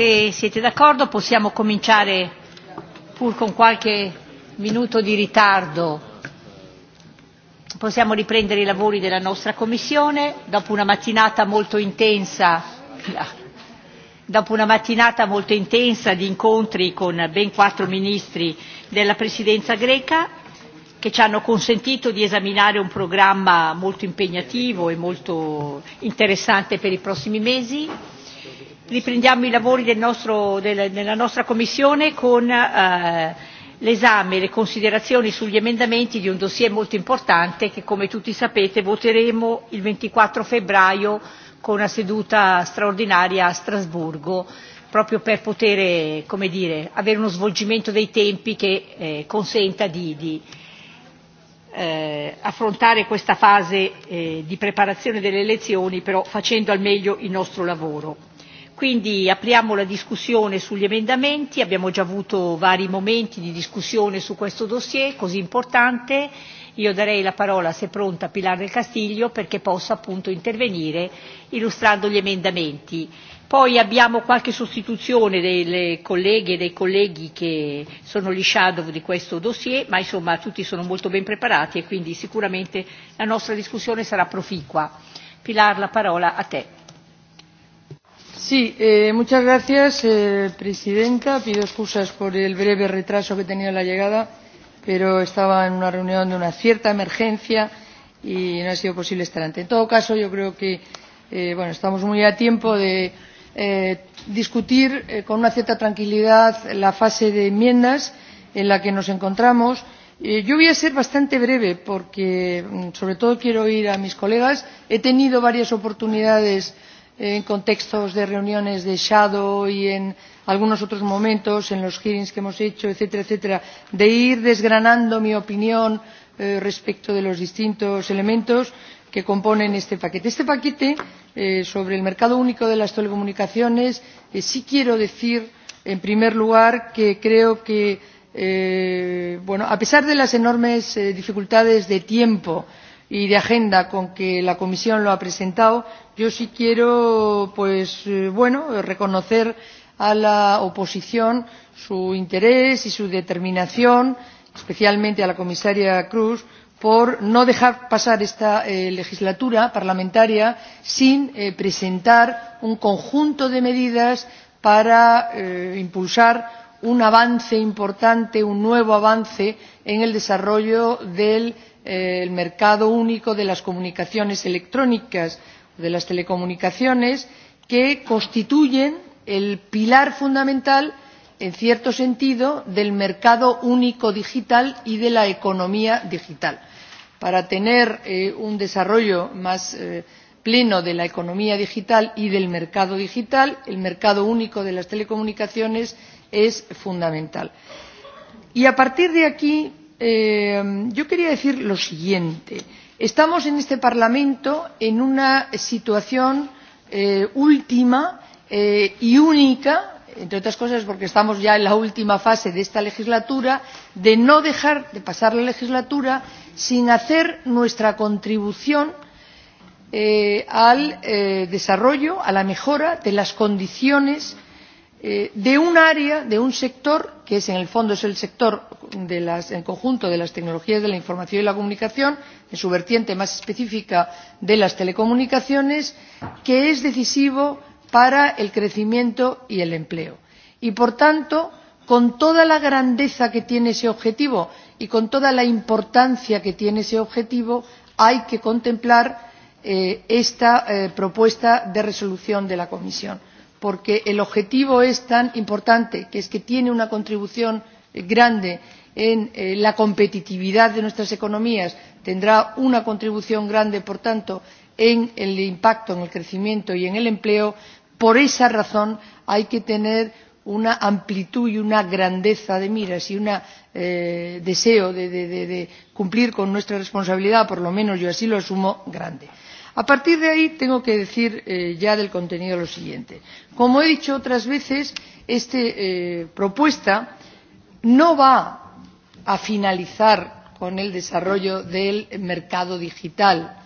se siete d'accordo possiamo cominciare pur con qualche minuto di ritardo. Possiamo riprendere i lavori della nostra commissione dopo una mattinata molto intensa dopo una mattinata molto intensa di incontri con ben quattro ministri della presidenza greca che ci hanno consentito di esaminare un programma molto impegnativo e molto interessante per i prossimi mesi riprendiamo i lavori della nostra commissione con eh, l'esame e le considerazioni sugli emendamenti di un dossier molto importante che come tutti sapete voteremo il 24 febbraio con una seduta straordinaria a Strasburgo proprio per poter come dire, avere uno svolgimento dei tempi che eh, consenta di, eh, affrontare questa fase di preparazione delle elezioni però facendo al meglio il nostro lavoro. Quindi apriamo la discussione sugli emendamenti, abbiamo già avuto vari momenti di discussione su questo dossier così importante. Io darei la parola, se pronta, a Pilar del Castiglio perché possa appunto intervenire illustrando gli emendamenti. Poi abbiamo qualche sostituzione delle colleghe e dei colleghi che sono gli shadow di questo dossier, ma insomma tutti sono molto ben preparati e quindi sicuramente la nostra discussione sarà proficua. Pilar, la parola a te. Señora eh, eh, presidenta. Pido excusas por el breve retraso que he tenido en la llegada, pero estaba en una reunión de una cierta emergencia y no ha sido posible estar antes. En todo caso, yo creo que eh, estamos muy a tiempo de discutir con una cierta tranquilidad la fase de enmiendas en la que nos encontramos. Yo voy a ser bastante breve porque, mm, sobre todo, quiero oír a mis colegas. He tenido varias oportunidades en contextos de reuniones de shadow y en algunos otros momentos en las audiencias que hemos hecho etcétera etcétera de ir desgranando mi opinión eh, respecto de los distintos elementos que componen este paquete. este paquete eh, sobre el mercado único de las telecomunicaciones eh, sí quiero decir en primer lugar que creo que a pesar de las enormes dificultades de tiempo y de agenda con que la comisión lo ha presentado yo sí quiero eh, reconocer a la oposición su interés y su determinación especialmente a la comisaria kroes por no dejar pasar esta eh, legislatura parlamentaria sin eh, presentar un conjunto de medidas para impulsar un avance importante un nuevo avance en el desarrollo del el mercado único de las comunicaciones electrónicas o de las telecomunicaciones que constituyen el pilar fundamental en cierto sentido del mercado único digital y de la economía digital. para tener eh, un desarrollo más eh, pleno de la economía digital y del mercado digital el mercado único de las telecomunicaciones es fundamental. y a partir de aquí Eh, yo quería decir lo siguiente estamos en este parlamento en una situación eh, última eh, y única entre otras cosas porque estamos ya en la última fase de esta legislatura de no dejar de pasar la legislatura sin hacer nuestra contribución al desarrollo a la mejora de las condiciones Eh, de un área de un sector que es en el fondo es el sector del conjunto de las tecnologías de la información y la comunicación en su vertiente más específica de las telecomunicaciones que es decisivo para el crecimiento y el empleo y por tanto con toda la grandeza que tiene ese objetivo y con toda la importancia que tiene ese objetivo hay que contemplar eh, esta eh, propuesta de resolución de la comisión porque el objetivo es tan importante que es que tiene una contribución eh, grande en eh, la competitividad de nuestras economías tendrá una contribución grande por tanto en el impacto en el crecimiento y en el empleo por esa razón hay que tener una amplitud y una grandeza de miras y un eh, deseo de, de, de, de cumplir con nuestra responsabilidad por lo menos yo así lo asumo grande a partir de ahí tengo que decir eh, ya del contenido lo siguiente como he dicho otras veces esta eh, propuesta no va a finalizar con el desarrollo del mercado digital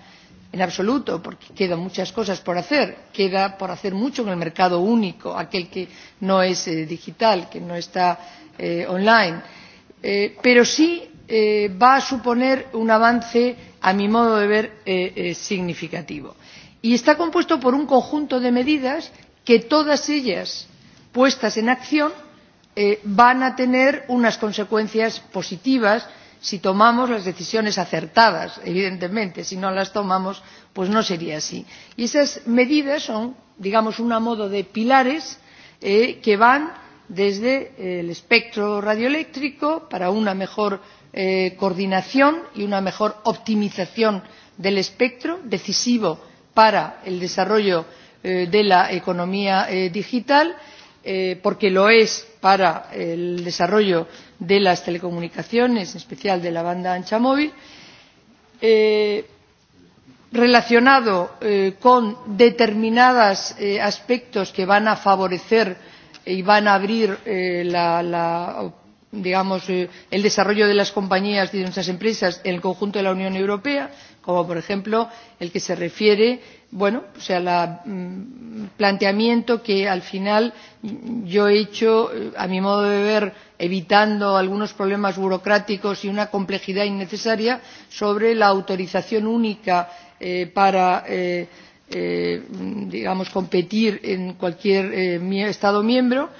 en absoluto porque quedan muchas cosas por hacer queda por hacer mucho en el mercado único aquel que no es eh, digital que no está online pero sí va a suponer un avance a mi modo de ver eh, eh, significativo y está compuesto por un conjunto de medidas que todas ellas puestas en acción eh, van a tener unas consecuencias positivas si tomamos las decisiones acertadas evidentemente si no las tomamos pues no sería así y esas medidas son digamos un modo de pilares que van desde el espectro radioeléctrico para una mejor Eh, coordinación y una mejor optimización del espectro decisivo para el desarrollo eh, de la economía eh, digital porque lo es para el desarrollo de las telecomunicaciones en especial de la banda ancha móvil relacionado con determinados aspectos que van a favorecer y van a abrir la digamos eh, el desarrollo de las compañías y de nuestras empresas en el conjunto de la unión europea como por ejemplo el que se refiere bueno pues al mm, planteamiento que al final yo he hecho eh, a mi modo de ver evitando algunos problemas burocráticos y una complejidad innecesaria sobre la autorización única eh, para digamos competir en cualquier estado miembro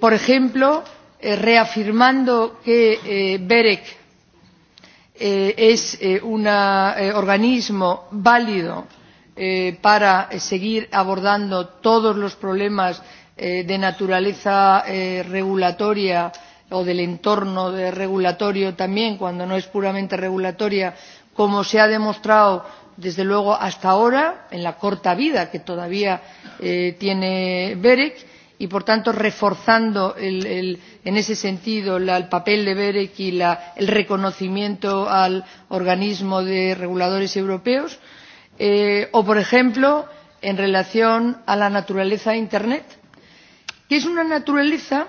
por ejemplo Eh, reafirmando que eh, BEREC eh, es un organismo válido para seguir abordando todos los problemas de naturaleza regulatoria o del entorno regulatorio también cuando no es puramente regulatoria como se ha demostrado desde luego hasta ahora en la corta vida que todavía tiene BEREC y por tanto reforzando en ese sentido el papel de berec y la, el reconocimiento al organismo de reguladores europeos eh, o por ejemplo en relación a la naturaleza de internet que es una naturaleza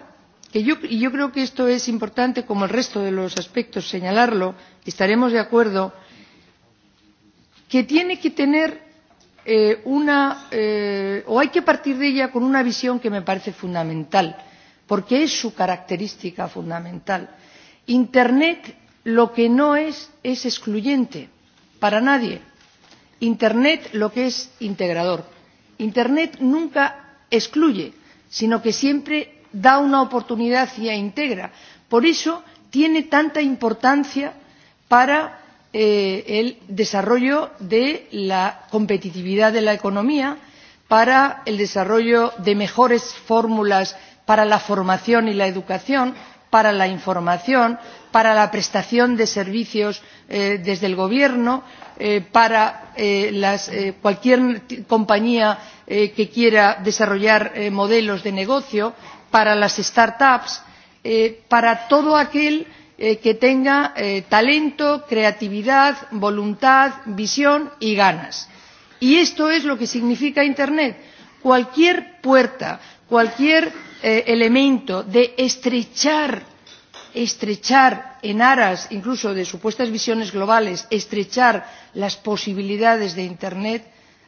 que y yo creo que esto es importante como el resto de los aspectos señalarlo y estaremos de acuerdo que tiene que tener Eh, una eh, o hay que partir de ella con una visión que me parece fundamental porque es su característica fundamental internet lo que no es es excluyente para nadie internet lo que es integrador internet nunca excluye sino que siempre da una oportunidad y integra por eso tiene tanta importancia para Eh, el desarrollo de la competitividad de la economía para el desarrollo de mejores fórmulas para la formación y la educación para la información para la prestación de servicios eh, desde el gobierno eh, para cualquier compañía que quiera desarrollar modelos de negocio para las start ups para todo aquel Eh, que tenga eh, talento creatividad voluntad visión y ganas y esto es lo que significa internet cualquier puerta cualquier eh, elemento de estrechar estrechar en aras incluso de supuestas visiones globales estrechar las posibilidades de internet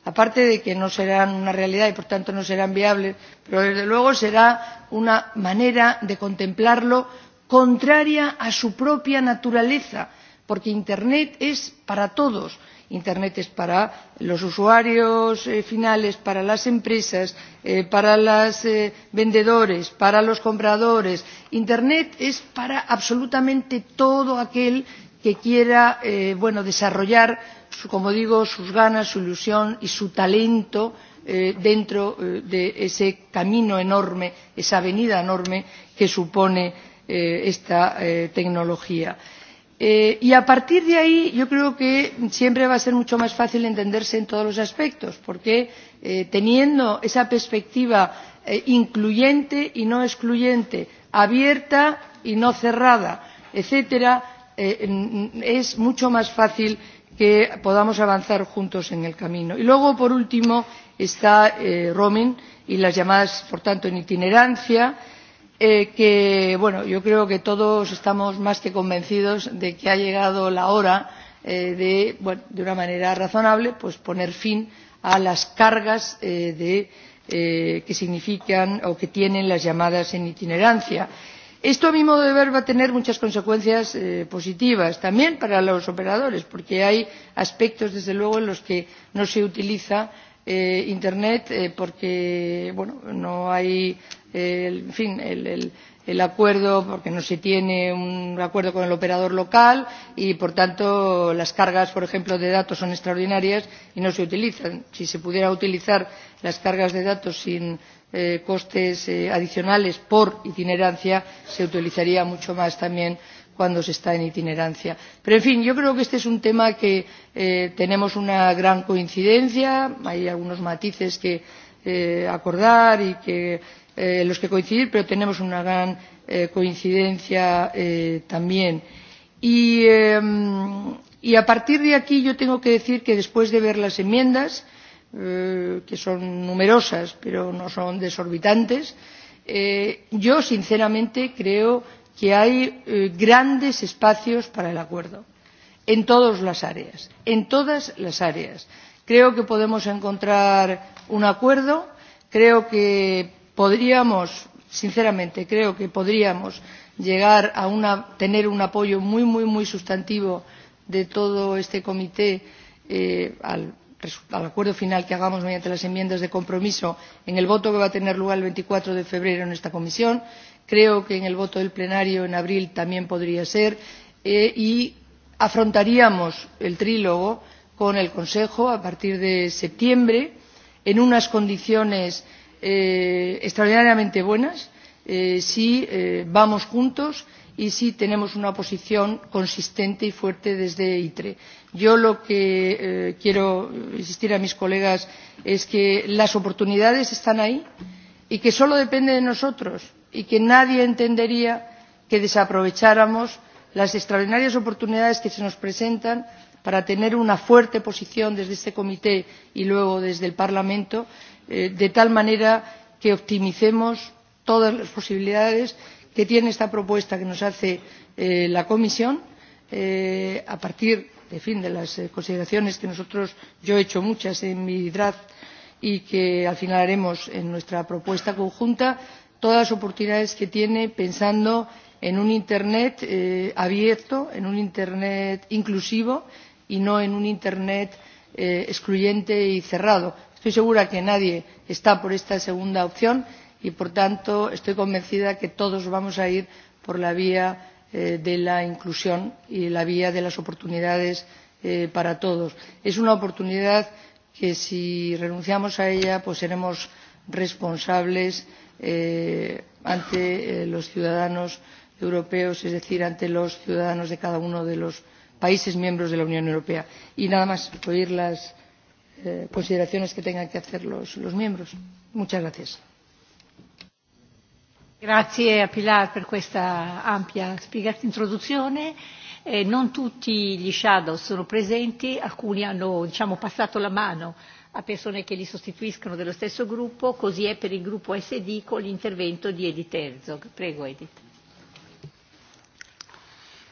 aparte de que no serán una realidad y por tanto no serán viables pero desde luego será una manera de contemplarlo contraria a su propia naturaleza porque internet es para todos internet es para los usuarios eh, finales para las empresas eh, para los eh, vendedores para los compradores internet es para absolutamente todo aquel que quiera bueno, desarrollar como digo sus ganas su ilusión y su talento dentro de ese camino enorme esa avenida enorme que supone Eh, esta eh, tecnología. Eh, y a partir de ahí, yo creo que siempre va a ser mucho más fácil entenderse en todos los aspectos, porque teniendo esa perspectiva incluyente y no excluyente, abierta y no cerrada, etcétera, es mucho más fácil que podamos avanzar juntos en el camino. Y luego, por último, está roaming y las llamadas, por tanto, en itinerancia Eh, que bueno yo creo que todos estamos más que convencidos de que ha llegado la hora eh, de bueno, de una manera razonable pues poner fin a las cargas eh, de eh, que significan o que tienen las llamadas en itinerancia esto a mi modo de ver va a tener muchas consecuencias eh, positivas también para los operadores porque hay aspectos desde luego en los que no se utiliza internet porque bueno, no hay en fin el, acuerdo porque no se tiene un acuerdo con el operador local y por tanto las cargas por ejemplo de datos son extraordinarias y no se utilizan. si se pudieran utilizar las cargas de datos sin eh, costes eh, adicionales por itinerancia se utilizaría mucho más también cuando se está en itinerancia. pero en fin yo creo que este es un tema que eh, tenemos una gran coincidencia hay algunos matices que acordar y que en eh, los que coincidir pero tenemos una gran eh, coincidencia eh, también y, y a partir de aquí yo tengo que decir que después de ver las enmiendas que son numerosas pero no son desorbitantes yo sinceramente creo que hay grandes espacios para el acuerdo en todas las áreas en todas las áreas creo que podemos encontrar un acuerdo creo que podríamos sinceramente creo que podríamos llegar a tener un apoyo muy muy muy sustantivo de todo este comité eh, al, al acuerdo final que hagamos mediante las enmiendas de compromiso en el voto que va a tener lugar el veinticuatro de febrero en esta comisión creo que en el voto del plenario en abril también podría ser eh, y afrontaríamos el trílogo con el consejo a partir de septiembre en unas condiciones Eh, extraordinariamente buenas eh, si eh, vamos juntos y si tenemos una posición consistente y fuerte desde itre. yo lo que quiero insistir a mis colegas es que las oportunidades están ahí y que solo depende de nosotros y que nadie entendería que desaprovecháramos las extraordinarias oportunidades que se nos presentan para tener una fuerte posición desde este comité y luego desde el parlamento Eh, de tal manera que optimicemos todas las posibilidades que tiene esta propuesta que nos hace eh, la comisión eh, a partir en fin, de las consideraciones que nosotros yo he hecho muchas en mi draft y que al final haremos en nuestra propuesta conjunta todas las oportunidades que tiene pensando en un internet abierto en un internet inclusivo y no en un internet excluyente y cerrado estoy segura de que nadie está por esta segunda opción y por tanto estoy convencida de que todos vamos a ir por la vía eh, de la inclusión y la vía de las oportunidades eh, para todos. es una oportunidad que si renunciamos a ella seremos responsables eh, ante los ciudadanos europeos es decir ante los ciudadanos de cada uno de los países miembros de la unión europea. y nada más oír Eh, consideraciones que tengan que hacer los, los miembros. Muchas gracias. Grazie a Pilar per questa ampia introduzione. Eh, non tutti gli shadow sono presenti, alcuni hanno diciamo, passato la mano a persone che li sostituiscono dello stesso gruppo, così è per il gruppo SD con l'intervento di Edith Herzog. Prego Edith.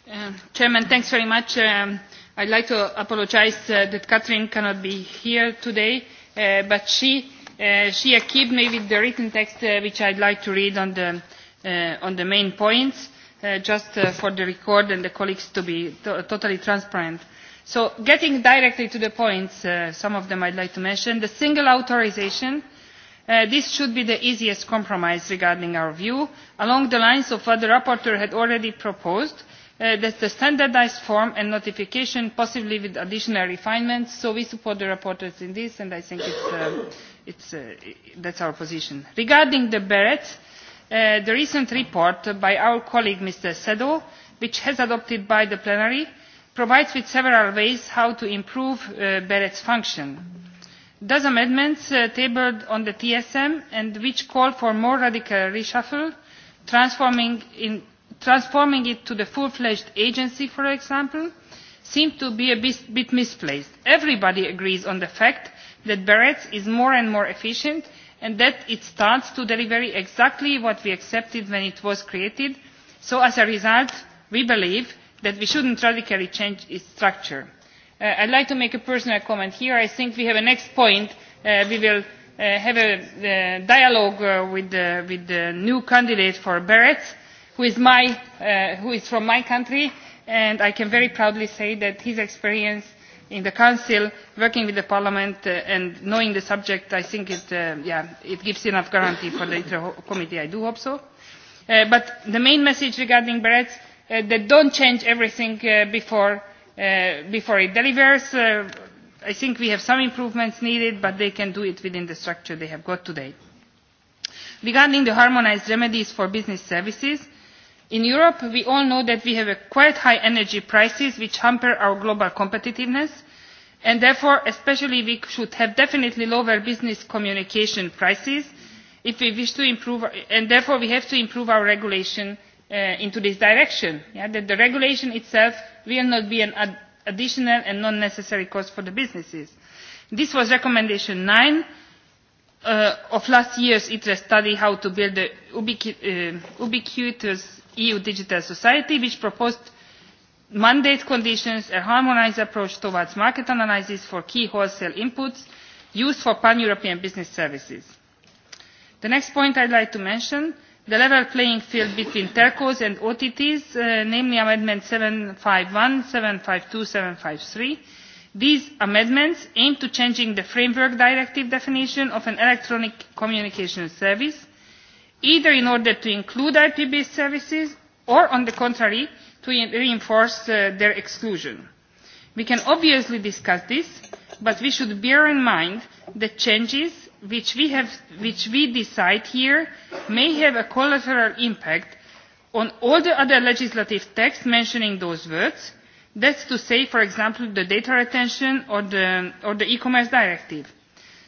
Uh, chairman, thanks very much. Um... I would like to apologise uh, that Catherine cannot be here today, uh, but she uh, she equipped me with the written text which I would like to read on the main points, just for the record and the colleagues to be totally transparent. So getting directly to the points, some of them I would like to mention the single authorisation this should be the easiest compromise regarding our view along the lines of what the rapporteur had already proposed Uh, that is a standardised form and notification possibly with additional refinements so we support the rapporteurs in this and i think it's, um, it's, uh, that's our position. regarding the beret uh, the recent report by our colleague mr sedo which has adopted by the plenary provides with several ways how to improve beret's function. those amendments tabled on the tsm and which call for more radical reshuffle transforming in transforming it to the full fledged agency for example seems to be a bit misplaced. everybody agrees on the fact that berec is more and more efficient and that it starts to deliver exactly what we accepted when it was created so as a result we believe that we should not radically change its structure. Uh, i would like to make a personal comment here. i think we have a next point uh, we will uh, have a dialogue with the, with the new candidate for berec who is, my, uh, who is from my country and i can very proudly say that his experience in the council working with parliament uh, and knowing the subject i think uh, it, gives enough guarantee for the inter committee i do hope so. but the main message regarding berets is that do not change everything before, before it delivers. i think we have some improvements needed but they can do it within the structure they have got today. regarding the harmonised remedies for business services in europe we all know that we have quite high energy prices which hamper our global competitiveness and therefore especially we should have definitely lower business communication prices if we wish to improve and therefore we have to improve our regulation uh, in this direction yeah? that the regulation itself will not be an additional and non necessary cost for the businesses. this was recommendation nine uh, of last year's itre study how to build the uh, ubiquitous eu digital society which proposed mandate conditions a harmonised approach towards market analysis for key wholesale inputs used for pan european business services. the next point i would like to mention the level playing field between telcos and otts uh, namely amendments seven hundred 753. these amendments aim to changing the framework directive definition of an electronic communication service either in order to include ip based services or on the contrary to reinforce uh, their exclusion. we can obviously discuss this but we should bear in mind that changes which we, have, which we decide here may have a collateral impact on all the other legislative texts mentioning those words that is to say for example the data retention or the, or the e commerce directive.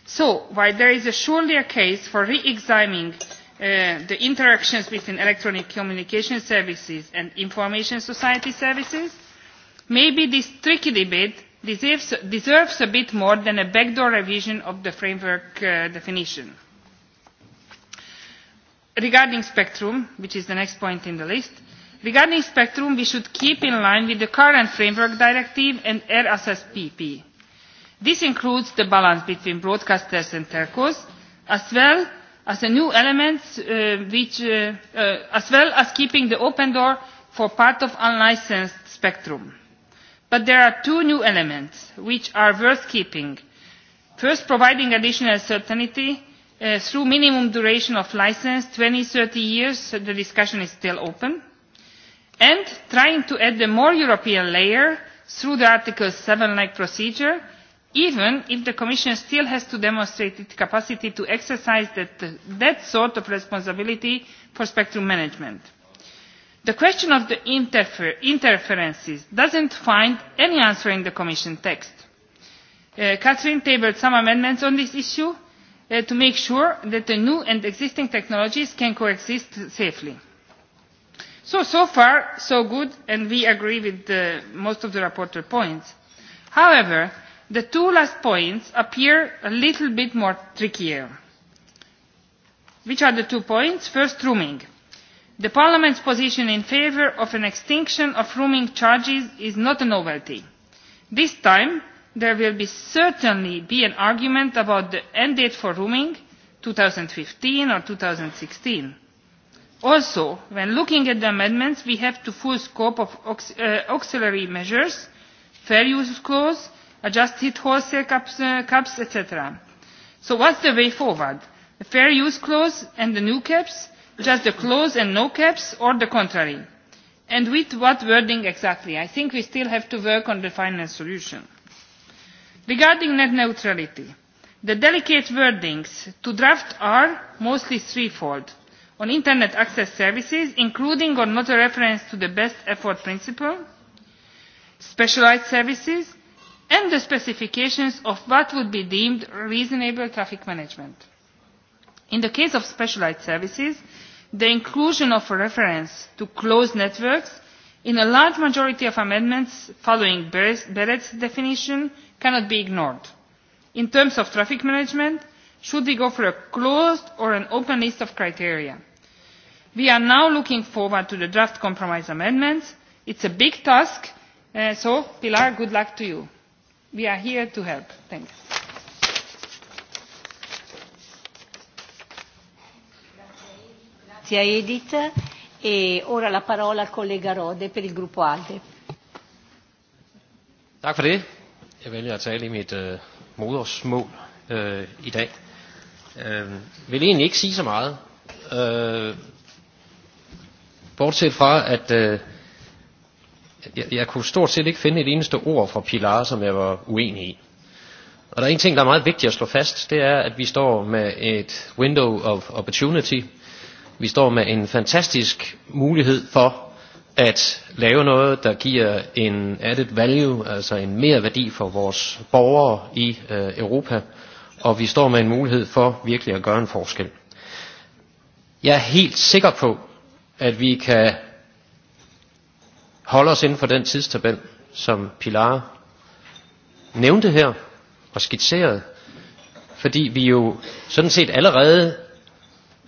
so while there is surely a case for re examining Uh, the interactions between electronic communication services and information society services maybe this tricky debate deserves, deserves a bit more than a backdoor revision of the framework uh, definition. regarding spectrum which is the next point in the list regarding spectrum we should keep in line with the current framework directive and rsspp. this includes the balance between broadcasters and telcos as well as a new element uh, which, uh, uh, as well as keeping the open door for part of unlicensed spectrum. But there are two new elements which are worth keeping. First, providing additional certainty through minimum duration of license, 20, 30 years, the discussion is still open. And trying to add a more European layer through the Article 7-like procedure even if the commission still has to demonstrate its capacity to exercise that, sort of responsibility for spectrum management. the question of the interferences does not find any answer in the commission text. Uh, catherine tabled some amendments on this issue uh, to make sure that the new and existing technologies can coexist safely. so so far so good and we agree with uh, most of the rapporteur's points. however the two last points appear a little bit more trickier. which are the two points? first roaming. the parliament's position in favour of an extinction of roaming charges is not a novelty. this time there will certainly be an argument about the end date for roaming 2015 or 2016. also when looking at the amendments we have to full scope of uh, auxiliary measures fair use clause adjust heat wholesale caps, uh, caps etc. So what's the way forward? The fair use clause and the new caps, just the clause and no caps, or the contrary? And with what wording exactly? I think we still have to work on the final solution. Regarding net neutrality, the delicate wordings to draft are mostly threefold. On internet access services, including or not a reference to the best effort principle, specialized services, and the specifications of what would be deemed reasonable traffic management. In the case of specialized services, the inclusion of a reference to closed networks in a large majority of amendments following Beret's definition cannot be ignored. In terms of traffic management, should we go for a closed or an open list of criteria? We are now looking forward to the draft compromise amendments. It's a big task, uh, so Pilar, good luck to you we are here to help. Thanks. Grazie Edith e ora la parola al collega Rode per il gruppo ALDE. Tak for det. Jeg vælger at tale i mit øh, modersmål øh, i dag. Øh, vil egentlig ikke sige så meget. Øh, bortset fra, at øh, jeg, jeg kunne stort set ikke finde et eneste ord fra Pilar, som jeg var uenig i. Og der er en ting, der er meget vigtigt at slå fast, det er, at vi står med et window of opportunity. Vi står med en fantastisk mulighed for at lave noget, der giver en added value, altså en mere værdi for vores borgere i øh, Europa. Og vi står med en mulighed for virkelig at gøre en forskel. Jeg er helt sikker på, at vi kan holde os inden for den tidstabel, som Pilar nævnte her og skitserede. Fordi vi jo sådan set allerede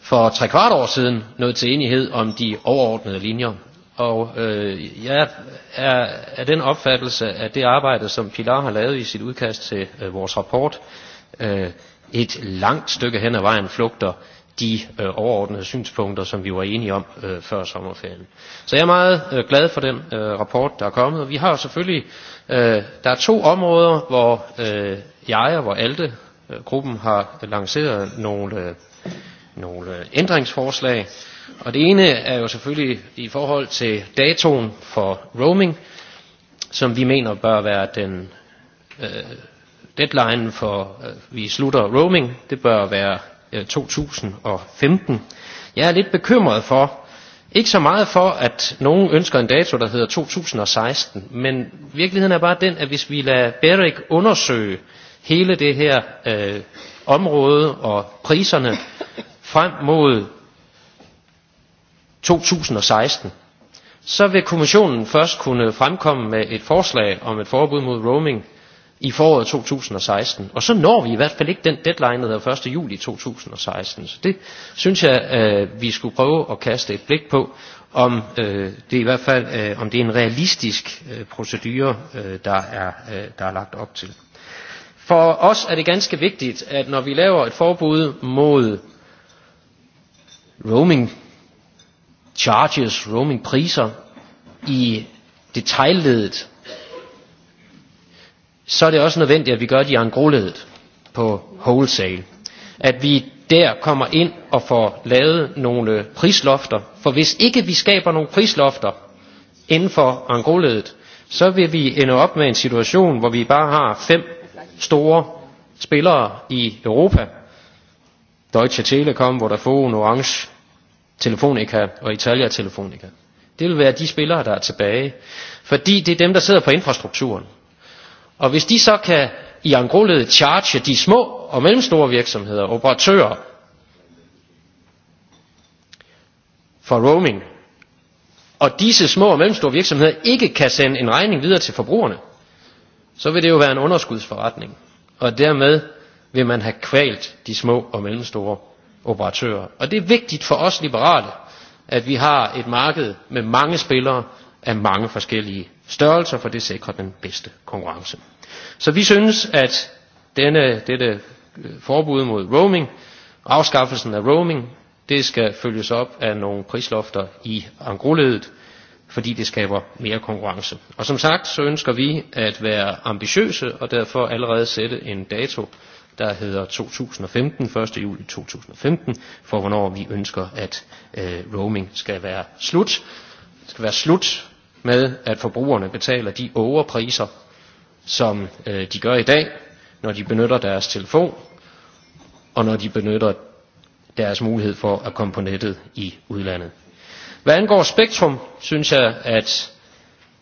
for tre kvart år siden nåede til enighed om de overordnede linjer. Og øh, jeg er af den opfattelse, at det arbejde, som Pilar har lavet i sit udkast til øh, vores rapport, øh, et langt stykke hen ad vejen flugter de øh, overordnede synspunkter, som vi var enige om øh, før sommerferien. Så jeg er meget øh, glad for den øh, rapport, der er kommet. vi har selvfølgelig, øh, der er to områder, hvor øh, jeg og hvor Alte øh, gruppen har lanceret nogle, øh, nogle øh, ændringsforslag. Og det ene er jo selvfølgelig i forhold til datoen for roaming, som vi mener bør være den deadline for, vi slutter roaming, det bør være 2015. Øh, Jeg er lidt bekymret for, ikke så meget for, at nogen ønsker en dato, der hedder 2016, men virkeligheden er bare den, at hvis vi lader Berik undersøge hele det her øh, område og priserne frem mod 2016, så vil kommissionen først kunne fremkomme med et forslag om et forbud mod roaming i foråret 2016. Og så når vi i hvert fald ikke den deadline, der er 1. juli 2016. Så det synes jeg, øh, vi skulle prøve at kaste et blik på, om øh, det i hvert fald øh, om det er en realistisk øh, procedure, øh, der, er, øh, der er lagt op til. For os er det ganske vigtigt, at når vi laver et forbud mod roaming charges, roaming priser i detaljledet så er det også nødvendigt, at vi gør det i angroledet på wholesale. At vi der kommer ind og får lavet nogle prislofter, for hvis ikke vi skaber nogle prislofter inden for angroledet, så vil vi ende op med en situation, hvor vi bare har fem store spillere i Europa. Deutsche Telekom, Vodafone, Orange, Telefonica og Italia Telefonica. Det vil være de spillere, der er tilbage. Fordi det er dem, der sidder på infrastrukturen. Og hvis de så kan i angoledet charge de små og mellemstore virksomheder, operatører, for roaming, og disse små og mellemstore virksomheder ikke kan sende en regning videre til forbrugerne, så vil det jo være en underskudsforretning. Og dermed vil man have kvalt de små og mellemstore operatører. Og det er vigtigt for os liberale, at vi har et marked med mange spillere af mange forskellige størrelser, for det er sikrer den bedste konkurrence. Så vi synes, at denne, dette øh, forbud mod roaming, afskaffelsen af roaming, det skal følges op af nogle prislofter i angroledet, fordi det skaber mere konkurrence. Og som sagt, så ønsker vi at være ambitiøse, og derfor allerede sætte en dato, der hedder 2015, 1. juli 2015, for hvornår vi ønsker, at øh, roaming skal være slut. Det skal være slut med, at forbrugerne betaler de overpriser, som øh, de gør i dag, når de benytter deres telefon, og når de benytter deres mulighed for at komme på nettet i udlandet. Hvad angår spektrum, synes jeg, at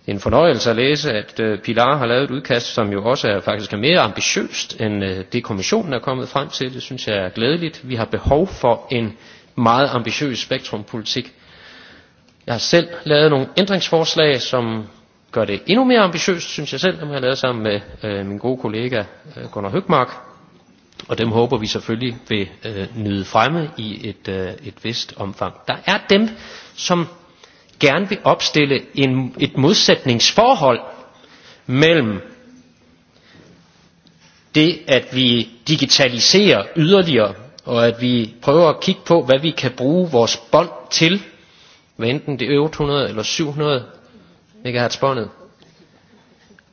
en fornøjelse at læse, at øh, Pilar har lavet et udkast, som jo også er faktisk er mere ambitiøst end øh, det, kommissionen er kommet frem til. Det synes jeg er glædeligt. Vi har behov for en meget ambitiøs spektrumpolitik, Jeg har selv lavet nogle ændringsforslag, som gør det endnu mere ambitiøst, synes jeg selv, dem har jeg lavet sammen med øh, min gode kollega øh, Gunnar Høgmark. Og dem håber vi selvfølgelig vil øh, nyde fremme i et, øh, et vist omfang. Der er dem, som gerne vil opstille en, et modsætningsforhold mellem det, at vi digitaliserer yderligere, og at vi prøver at kigge på, hvad vi kan bruge vores bånd til, hvad enten det er 800 eller 700 MHz båndet.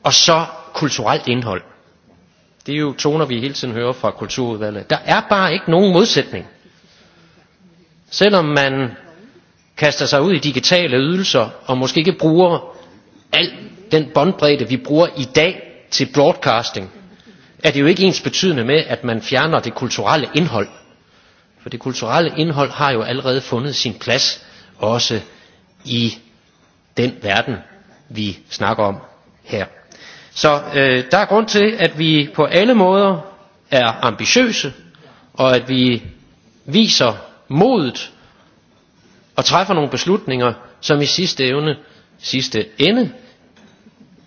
Og så kulturelt indhold. Det er jo toner, vi hele tiden hører fra kulturudvalget. Der er bare ikke nogen modsætning. Selvom man kaster sig ud i digitale ydelser, og måske ikke bruger al den båndbredde, vi bruger i dag til broadcasting, er det jo ikke ens betydende med, at man fjerner det kulturelle indhold. For det kulturelle indhold har jo allerede fundet sin plads også i den verden, vi snakker om her. Så øh, der er grund til, at vi på alle måder er ambitiøse, og at vi viser modet og træffer nogle beslutninger, som i sidste, evne, sidste ende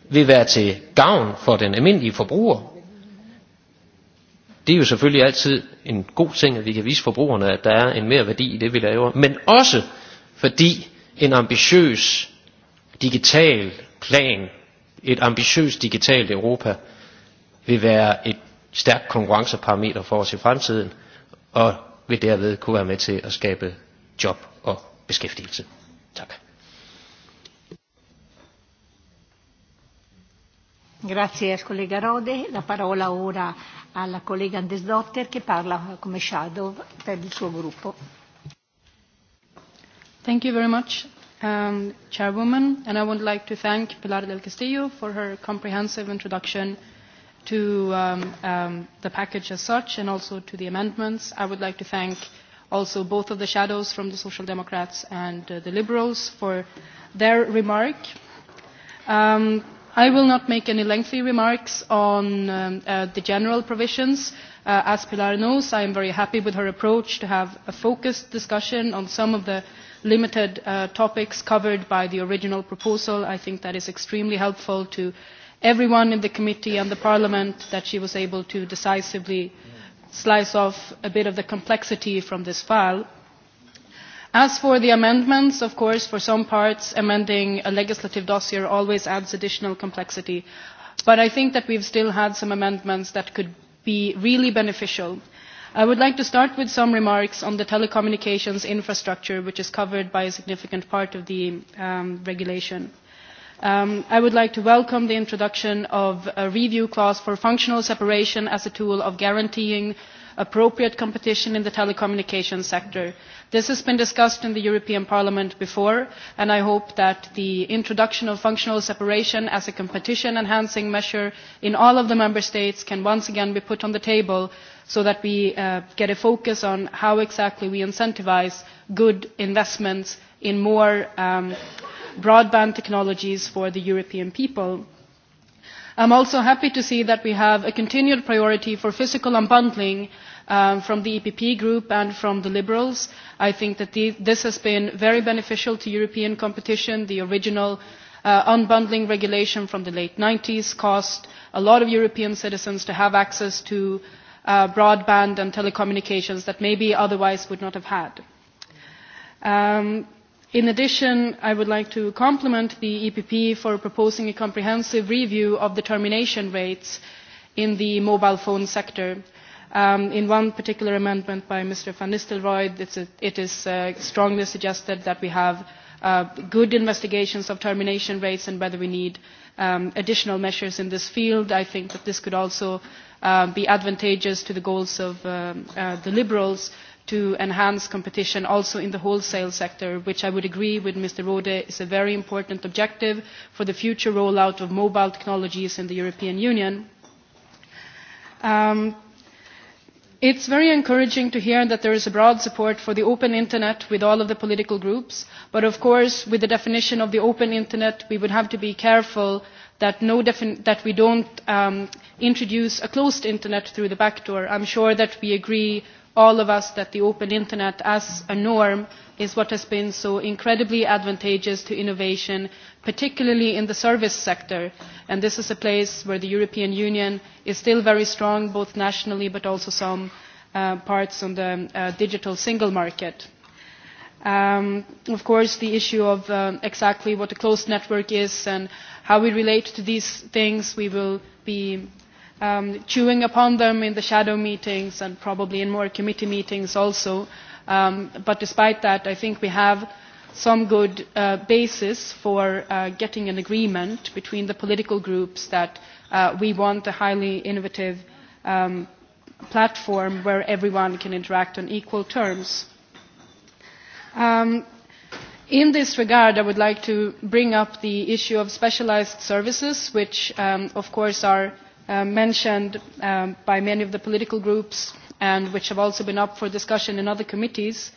vil være til gavn for den almindelige forbruger. Det er jo selvfølgelig altid en god ting, at vi kan vise forbrugerne, at der er en mere værdi i det, vi laver, men også fordi en ambitiøs digital plan, et ambitiøst digitalt Europa, vil være et stærkt konkurrenceparameter for os i fremtiden, og vil derved kunne være med til at skabe job og beskæftigelse. Tak. Gracias, collega Rode. La parola ora alla collega Andesdotter che parla come shadow per il suo gruppo. Thank you very much, um, Chairwoman, and I would like to thank Pilar del Castillo for her comprehensive introduction to um, um, the package as such and also to the amendments. I would like to thank also both of the shadows from the Social Democrats and uh, the Liberals for their remark. Um, I will not make any lengthy remarks on um, uh, the general provisions. Uh, as Pilar knows, I am very happy with her approach to have a focused discussion on some of the limited uh, topics covered by the original proposal. I think that is extremely helpful to everyone in the committee and the parliament that she was able to decisively slice off a bit of the complexity from this file. As for the amendments, of course, for some parts, amending a legislative dossier always adds additional complexity. But I think that we've still had some amendments that could be really beneficial i would like to start with some remarks on the telecommunications infrastructure, which is covered by a significant part of the um, regulation. Um, I would like to welcome the introduction of a review clause for functional separation as a tool of guaranteeing appropriate competition in the telecommunications sector. This has been discussed in the European Parliament before, and I hope that the introduction of functional separation as a competition enhancing measure in all of the Member States can once again be put on the table so that we uh, get a focus on how exactly we incentivize good investments in more um, broadband technologies for the European people. I'm also happy to see that we have a continued priority for physical unbundling um, from the EPP group and from the Liberals. I think that this has been very beneficial to European competition. The original uh, unbundling regulation from the late 90s caused a lot of European citizens to have access to Uh, broadband and telecommunications that maybe otherwise would not have had. Um, in addition i would like to compliment the epp for proposing a comprehensive review of the termination rates in the mobile phone sector. Um, in one particular amendment by mr van nistelrooij it is uh, strongly suggested that we have uh, good investigations of termination rates and whether we need um, additional measures in this field. i think that this could also Uh, be advantageous to the goals of um, uh, the liberals to enhance competition also in the wholesale sector which i would agree with mr Rode is a very important objective for the future rollout of mobile technologies in the european union. Um, it is very encouraging to hear that there is a broad support for the open internet with all of the political groups but of course with the definition of the open internet we would have to be careful that, no that we don't not um, introduce a closed internet through the back door. I'm sure that we agree, all of us, that the open internet as a norm is what has been so incredibly advantageous to innovation, particularly in the service sector. And this is a place where the European Union is still very strong, both nationally but also some uh, parts on the uh, digital single market. Um, of course, the issue of um, exactly what a closed network is and how we relate to these things we will be um, chewing upon them in the shadow meetings and probably in more committee meetings also um, but despite that i think we have some good uh, basis for uh, getting an agreement between the political groups that uh, we want a highly innovative um, platform where everyone can interact on equal terms. Um, in this regard i would like to bring up the issue of specialised services which um, of course are uh, mentioned um, by many of the political groups and which have also been up for discussion in other committees.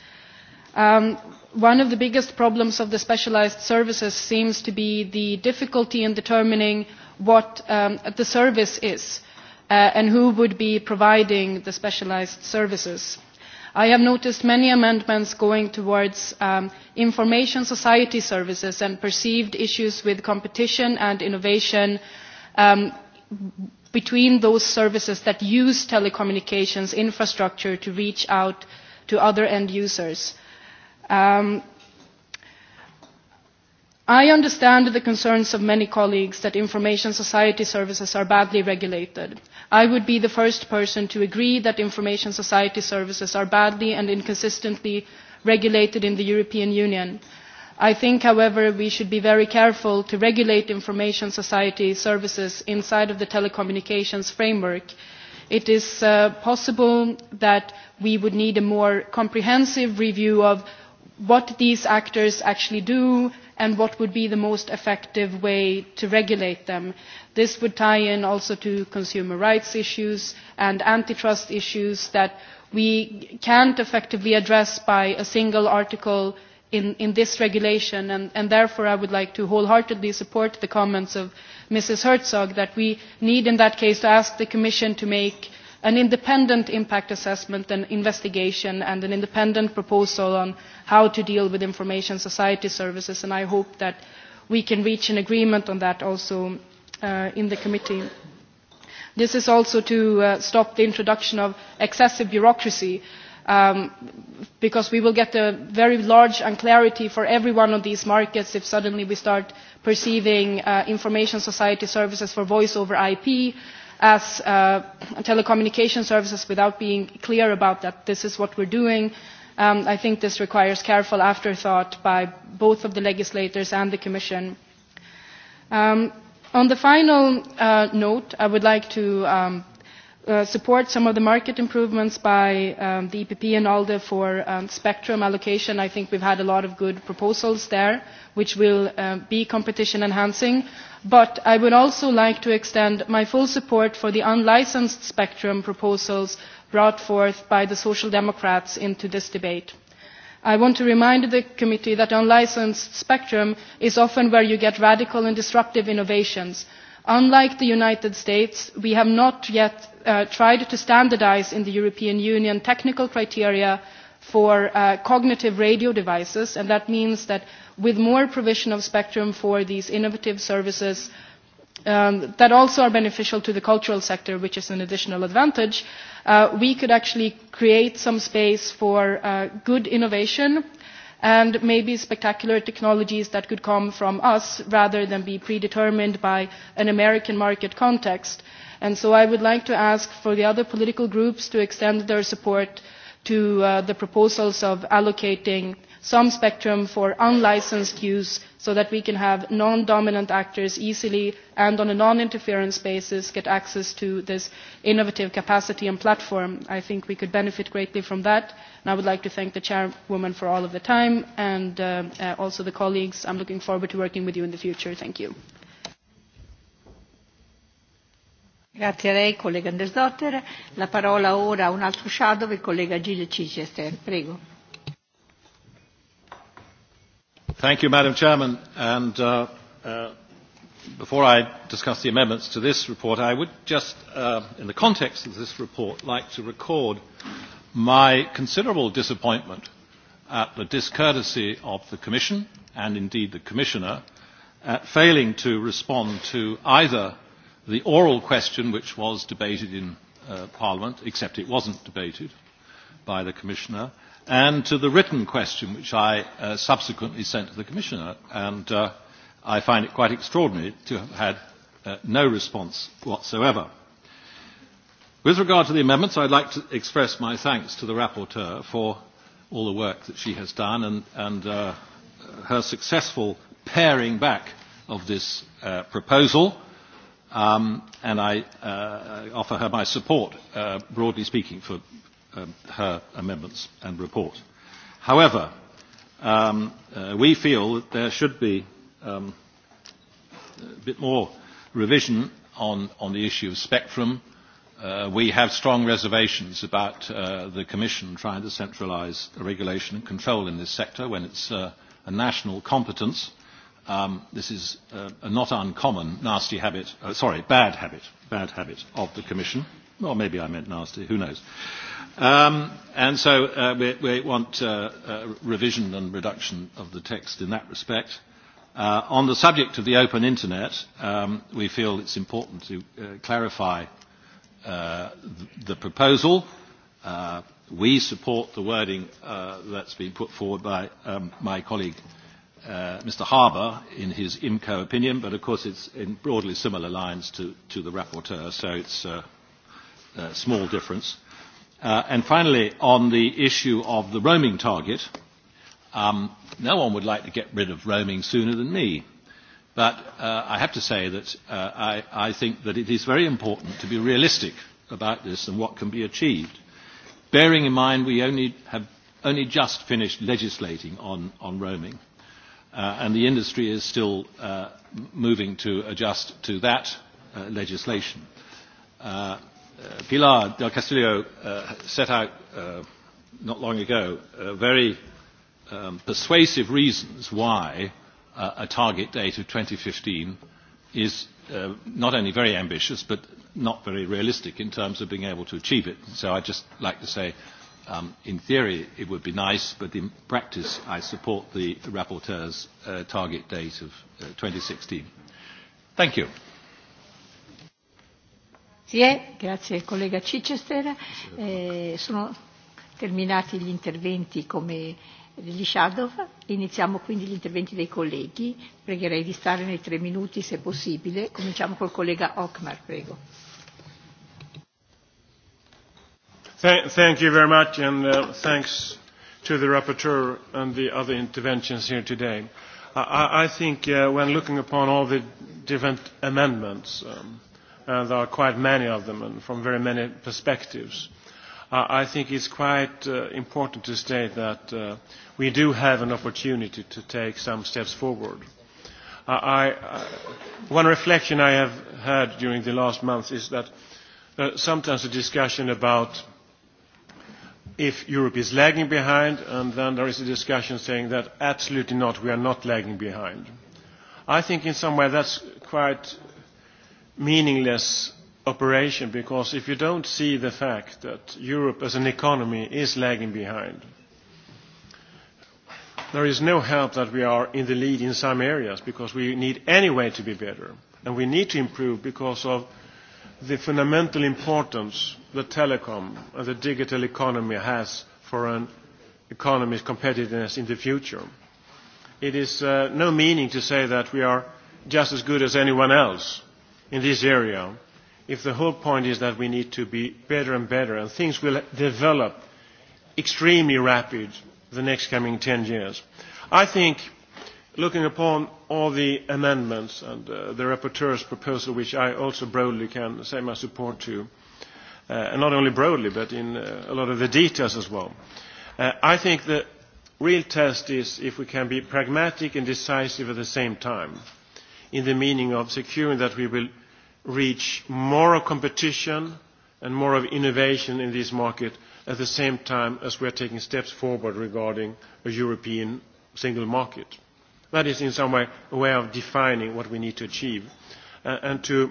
Um, one of the biggest problems of the specialised services seems to be the difficulty in determining what um, the service is uh, and who would be providing the specialised services i have noticed many amendments going towards um, information society services and perceived issues with competition and innovation um, between those services that use telecommunications infrastructure to reach out to other end users. Um, i understand the concerns of many colleagues that information society services are badly regulated. i would be the first person to agree that information society services are badly and inconsistently regulated in the european union. i think however we should be very careful to regulate information society services inside of the telecommunications framework. it is uh, possible that we would need a more comprehensive review of what these actors actually do and what would be the most effective way to regulate them. This would tie in also to consumer rights issues and antitrust issues that we can't effectively address by a single article in, in this regulation and, therefore I would like to wholeheartedly support the comments of Mrs. Herzog that we need in that case to ask the Commission to make an independent impact assessment and investigation and an independent proposal on how to deal with information society services and i hope that we can reach an agreement on that also uh, in the committee. this is also to uh, stop the introduction of excessive bureaucracy um, because we will get a very large unclarity for every one of these markets if suddenly we start perceiving uh, information society services for voice over ip as uh, telecommunication services without being clear about that this is what we're doing. Um, I think this requires careful afterthought by both of the legislators and the Commission. Um, on the final uh, note, I would like to um, Uh, support some of the market improvements by um, the EPP and ALDE for um, spectrum allocation. I think we've had a lot of good proposals there, which will um, be competition enhancing. But I would also like to extend my full support for the unlicensed spectrum proposals brought forth by the Social Democrats into this debate. I want to remind the committee that unlicensed spectrum is often where you get radical and disruptive innovations. Unlike the United States, we have not yet Uh, tried to standardize in the European Union technical criteria for uh, cognitive radio devices, and that means that with more provision of spectrum for these innovative services um, that also are beneficial to the cultural sector, which is an additional advantage, uh, we could actually create some space for good innovation and maybe spectacular technologies that could come from us rather than be predetermined by an American market context and so i would like to ask for the other political groups to extend their support to uh, the proposals of allocating some spectrum for unlicensed use so that we can have non dominant actors easily and on a non interference basis get access to this innovative capacity and platform. i think we could benefit greatly from that and i would like to thank the chairwoman for all of the time and uh, uh, also the colleagues. I'm looking forward to working with you in the future. thank you. Grazie lei, La parola ora a un altro collega Prego. Thank you, Madam Chairman. And uh, uh, before I discuss the amendments to this report, I would just, uh, in the context of this report, like to record my considerable disappointment at the discourtesy of the Commission and indeed the Commissioner at failing to respond to either the oral question which was debated in uh, Parliament, except it wasn't debated by the Commissioner, and to the written question which I uh, subsequently sent to the Commissioner. And uh, I find it quite extraordinary to have had uh, no response whatsoever. With regard to the amendments, I'd like to express my thanks to the rapporteur for all the work that she has done and, and uh, her successful paring back of this uh, proposal Um, and I uh, offer her my support, uh, broadly speaking, for um, her amendments and report. However, um, uh, we feel that there should be um, a bit more revision on, on the issue of spectrum. we have strong reservations about the Commission trying to centralise regulation and control in this sector when it's is a national competence. Um, this is a not uncommon nasty habit, uh, sorry, bad habit, bad habit of the Commission. Or maybe I meant nasty, who knows. Um, and so uh, we, we want uh, uh, revision and reduction of the text in that respect. Uh, on the subject of the open internet, um, we feel it's important to uh, clarify uh, th the proposal. Uh, we support the wording uh, that's been put forward by um, my colleague, Uh, Mr. Harbour in his IMCO opinion, but of course it's in broadly similar lines to, to the rapporteur, so it's a, uh, a uh, small difference. Uh, and finally, on the issue of the roaming target, um, no one would like to get rid of roaming sooner than me. But uh, I have to say that uh, I, I think that it is very important to be realistic about this and what can be achieved, bearing in mind we only have only just finished legislating on, on roaming. Uh, and the industry is still uh, moving to adjust to that uh, legislation. Pilar del Castillo set out not long ago very um, persuasive reasons why a target date of 2015 is not only very ambitious but not very realistic in terms of being able to achieve it. So I'd just like to say Um, in theory, it would be nice, but in practice, I support the rapporteur's uh, target date of uh, 2016. Thank you. Grazie, eh? grazie collega Chichester. Eh, sono terminati gli interventi come gli shadow. Iniziamo quindi gli interventi dei colleghi. Pregherei di stare nei tre minuti se possibile. Cominciamo col collega Ockmar, prego. Thank, you very much and uh, thanks to the rapporteur and the other interventions here today. I, I think uh, when looking upon all the different amendments, um, there are quite many of them and from very many perspectives. Uh, I think it's quite uh, important to state that uh, we do have an opportunity to take some steps forward. Uh, I, uh, one reflection I have had during the last month is that uh, sometimes the discussion about if Europe is lagging behind, and then there is a discussion saying that absolutely not, we are not lagging behind. I think in some way that's quite meaningless operation because if you don't see the fact that Europe as an economy is lagging behind, there is no help that we are in the lead in some areas because we need any way to be better. And we need to improve because of the fundamental importance that telecom and the digital economy has for an economy's competitiveness in the future. It is uh, no meaning to say that we are just as good as anyone else in this area if the whole point is that we need to be better and better and things will develop extremely rapid the next coming 10 years. I think looking upon all the amendments and uh, the rapporteur's proposal, which I also broadly can say my support to, uh, and not only broadly, but in uh, a lot of the details as well, I think the real test is if we can be pragmatic and decisive at the same time, in the meaning of securing that we will reach more of competition and more of innovation in this market at the same time as we are taking steps forward regarding a European single market That is in some way a way of defining what we need to achieve. Uh, and to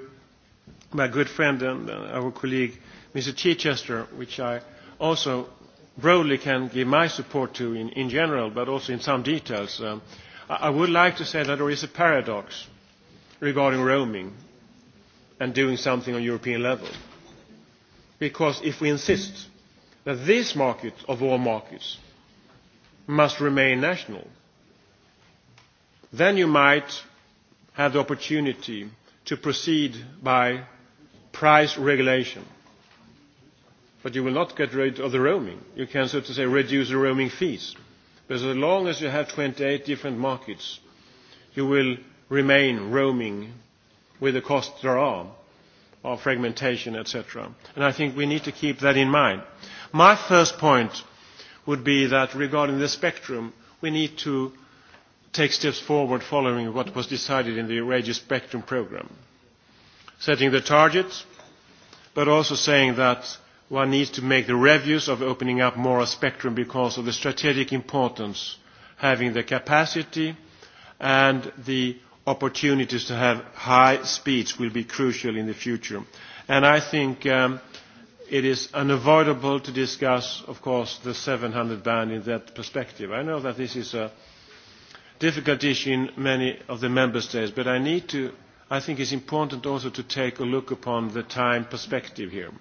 my good friend and uh, our colleague, Mr. Chichester, which I also broadly can give my support to in, in general, but also in some details, um, I, I would like to say that there is a paradox regarding roaming and doing something on European level. Because if we insist that this market of all markets must remain national, then you might have the opportunity to proceed by price regulation. But you will not get rid of the roaming. You can, so to say, reduce the roaming fees. Because as long as you have 28 different markets, you will remain roaming with the costs there are of fragmentation, etc. And I think we need to keep that in mind. My first point would be that regarding the spectrum, we need to take steps forward following what was decided in the radio spectrum programme setting the targets but also saying that one needs to make the reviews of opening up more spectrum because of the strategic importance having the capacity and the opportunities to have high speeds will be crucial in the future. And I think um, it is unavoidable to discuss, of course, the 700 band in that perspective. I know that this is a difficult issue in many of the member states but i need to i think it's important also to take a look upon the time perspective here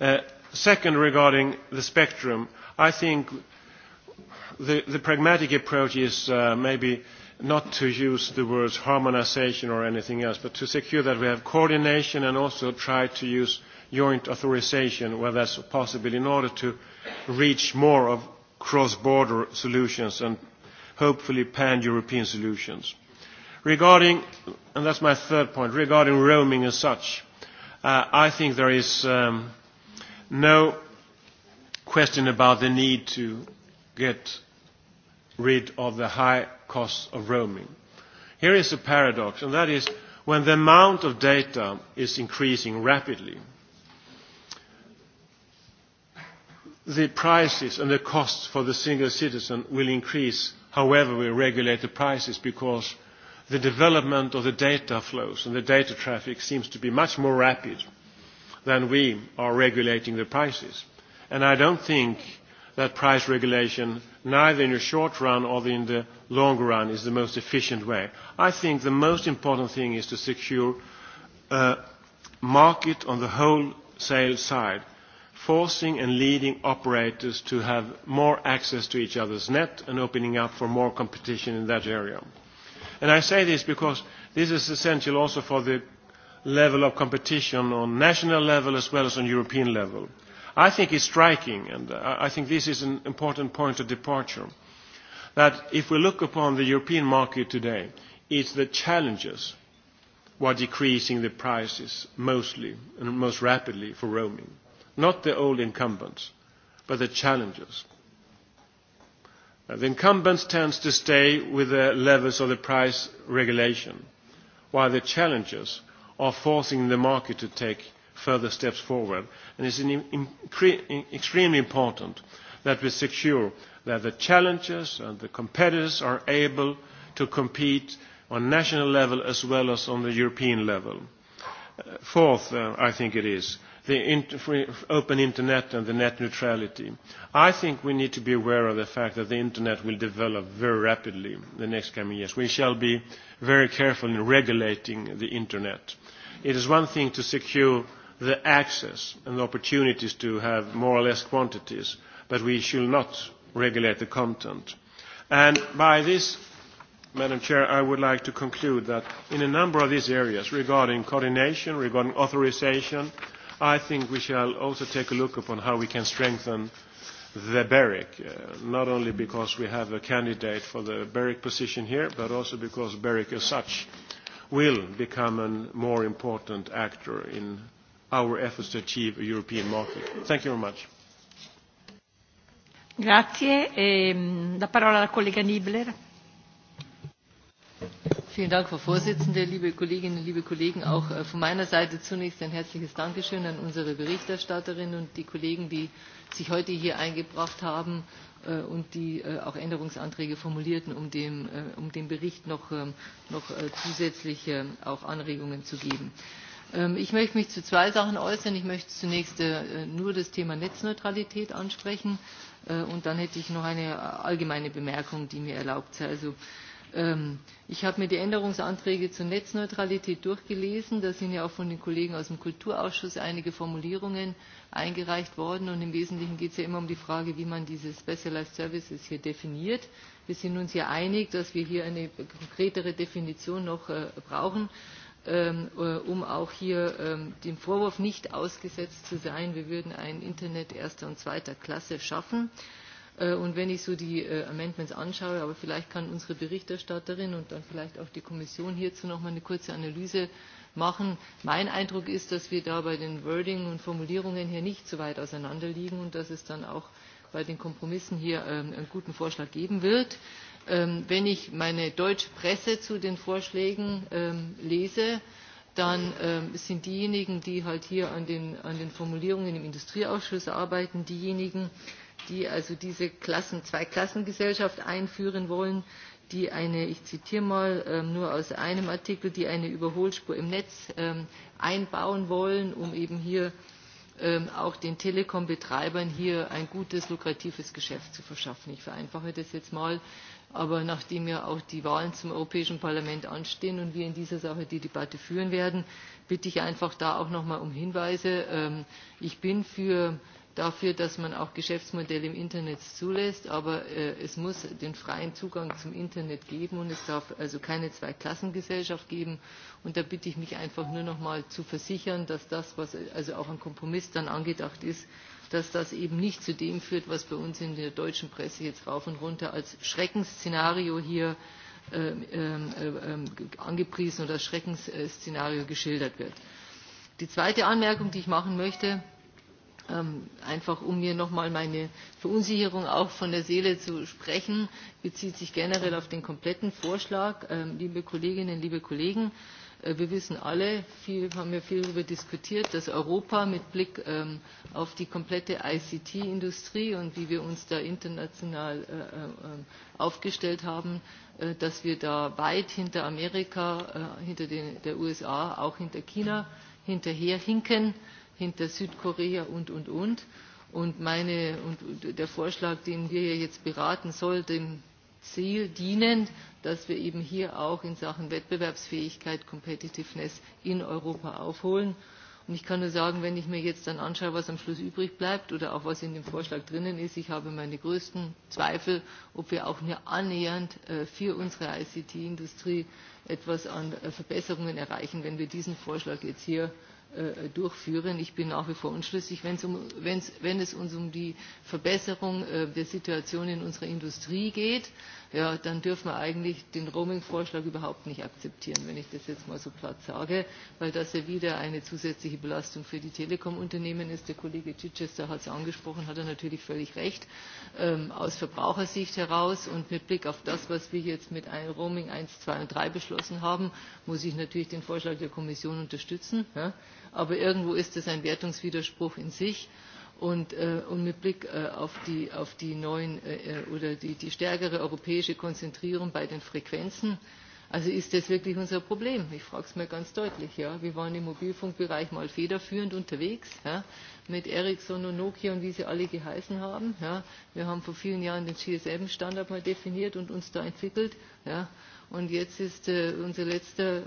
uh, second regarding the spectrum i think the, the pragmatic approach is uh, maybe not to use the words harmonization or anything else but to secure that we have coordination and also try to use joint authorization where that's possible in order to reach more of cross border solutions and hopefully pan-European solutions. Regarding, and that's my third point, regarding roaming as such, uh, I think there is um, no question about the need to get rid of the high costs of roaming. Here is a paradox, and that is when the amount of data is increasing rapidly, the prices and the costs for the single citizen will increase however we regulate the prices because the development of the data flows and the data traffic seems to be much more rapid than we are regulating the prices. And I don't think that price regulation, neither in the short run or in the long run, is the most efficient way. I think the most important thing is to secure a market on the wholesale side forcing and leading operators to have more access to each other's net and opening up for more competition in that area. And I say this because this is essential also for the level of competition on national level as well as on European level. I think it's striking, and I think this is an important point of departure, that if we look upon the European market today, it's the challenges who are decreasing the prices mostly and most rapidly for roaming not the old incumbents, but the challengers. The incumbents tend to stay with the levels of the price regulation, while the challengers are forcing the market to take further steps forward. And it's extremely important that we secure that the challengers and the competitors are able to compete on national level as well as on the European level. Fourth, uh, I think it is the open internet and the net neutrality. I think we need to be aware of the fact that the internet will develop very rapidly in the next coming years. We shall be very careful in regulating the internet. It is one thing to secure the access and the opportunities to have more or less quantities, but we should not regulate the content. And by this Madam Chair, I would like to conclude that in a number of these areas regarding coordination, regarding authorization, i think we shall also take a look upon how we can strengthen the BEREC, uh, not only because we have a candidate for the BEREC position here, but also because BEREC as such will become a more important actor in our efforts to achieve a European market. Thank you very much. Grazie. E, parola alla collega Nibler. Frau Vorsitzende, liebe Kolleginnen, liebe Kollegen. Auch äh, von meiner Seite zunächst ein herzliches Dankeschön an unsere Berichterstatterin und die Kollegen, die sich heute hier eingebracht haben äh, und die äh, auch Änderungsanträge formulierten, um dem, um Bericht noch, ähm, noch zusätzlich auch Anregungen zu geben. Ähm, ich möchte mich zu zwei Sachen äußern. Ich möchte zunächst nur das Thema Netzneutralität ansprechen und dann hätte ich noch eine allgemeine Bemerkung, die mir erlaubt sei. Ähm, ich habe mir die Änderungsanträge zur Netzneutralität durchgelesen. Da sind ja auch von den Kollegen aus dem Kulturausschuss einige Formulierungen eingereicht worden. Und im Wesentlichen geht es ja immer um die Frage, wie man diese Specialized Services hier definiert. Wir sind uns ja einig, dass wir hier eine konkretere Definition noch äh, brauchen, ähm, äh, um auch hier ähm, dem Vorwurf nicht ausgesetzt zu sein, wir würden ein Internet erster und zweiter Klasse schaffen Äh, und wenn ich so die äh, Amendments anschaue, aber vielleicht kann unsere Berichterstatterin und dann vielleicht auch die Kommission hierzu noch mal eine kurze Analyse machen. Mein Eindruck ist, dass wir da bei den Wording und Formulierungen hier nicht so weit auseinander liegen und dass es dann auch bei den Kompromissen hier ähm, einen guten Vorschlag geben wird. Ähm, wenn ich meine deutsche Presse zu den Vorschlägen ähm, lese, dann sind diejenigen, die halt hier an den, an den Formulierungen im Industrieausschuss arbeiten, diejenigen, die also diese Klassen, Zweiklassengesellschaft einführen wollen, die eine, ich zitiere mal ähm, nur aus einem Artikel, die eine Überholspur im Netz ähm, einbauen wollen, um eben hier ähm, auch den Telekom-Betreibern hier ein gutes, lukratives Geschäft zu verschaffen. Ich vereinfache das jetzt mal, aber nachdem ja auch die Wahlen zum Europäischen Parlament anstehen und wir in dieser Sache die Debatte führen werden, bitte ich einfach da auch noch mal um Hinweise. Ich bin für dafür, dass man auch Geschäftsmodelle im Internet zulässt, aber äh, es muss den freien Zugang zum Internet geben und es darf also keine Zweiklassengesellschaft geben. Und da bitte ich mich einfach nur noch mal zu versichern, dass das, was äh, also auch ein Kompromiss dann angedacht ist, dass das eben nicht zu dem führt, was bei uns in der deutschen Presse jetzt rauf und runter als Schreckensszenario hier ähm, ähm, ähm angepriesen oder als Schreckensszenario geschildert wird. Die zweite Anmerkung, die ich machen möchte, Ähm, einfach um mir noch einmal meine verunsicherung auch von der seele zu sprechen bezieht sich generell auf den kompletten vorschlag. Ähm, liebe kolleginnen liebe kollegen äh, wir wissen alle wir haben wir viel darüber diskutiert dass europa mit blick ähm, auf die komplette ict industrie und wie wir uns da international äh, äh, aufgestellt haben dass wir da weit hinter amerika hinter den, usa auch hinter china hinterherhinken hinter Südkorea und, und, und. Und, meine, und der Vorschlag, den wir jetzt beraten soll, dem Ziel dienen, dass wir eben hier auch in Sachen Wettbewerbsfähigkeit, Competitiveness in Europa aufholen. Und ich kann nur sagen, wenn ich mir jetzt dann anschaue, was am Schluss übrig bleibt oder auch was in dem Vorschlag drinnen ist, ich habe meine größten Zweifel, ob wir auch nur annähernd äh, für unsere ICT-Industrie etwas an äh, Verbesserungen erreichen, wenn wir diesen Vorschlag jetzt hier Äh, durchführen. Ich bin nach wie vor unschlüssig, wenn es, um, wenn es uns um die Verbesserung äh, der Situation in unserer Industrie geht, ja, dann dürfen wir eigentlich den Roaming-Vorschlag überhaupt nicht akzeptieren, wenn ich das jetzt mal so platt sage, weil das ja wieder eine zusätzliche Belastung für die Telekom-Unternehmen ist. Der Kollege Chichester hat es angesprochen, hat er natürlich völlig recht. Ähm, aus Verbrauchersicht heraus und mit Blick auf das, was wir jetzt mit Roaming 1, 2 und 3 beschlossen haben, muss ich natürlich den Vorschlag der Kommission unterstützen. Ja? aber irgendwo ist es ein wertungswiderspruch in sich und, äh, und mit blick äh, auf, die, auf die neuen äh, oder die, die stärkere europäische konzentrierung bei den frequenzen also ist das wirklich unser problem? ich frage es mir ganz deutlich. Ja? wir waren im mobilfunkbereich mal federführend unterwegs ja? mit ericsson und nokia und wie sie alle geheißen haben. Ja? wir haben vor vielen jahren den gsm standard mal definiert und uns da entwickelt. Ja? Und jetzt ist äh, unser letzter, äh,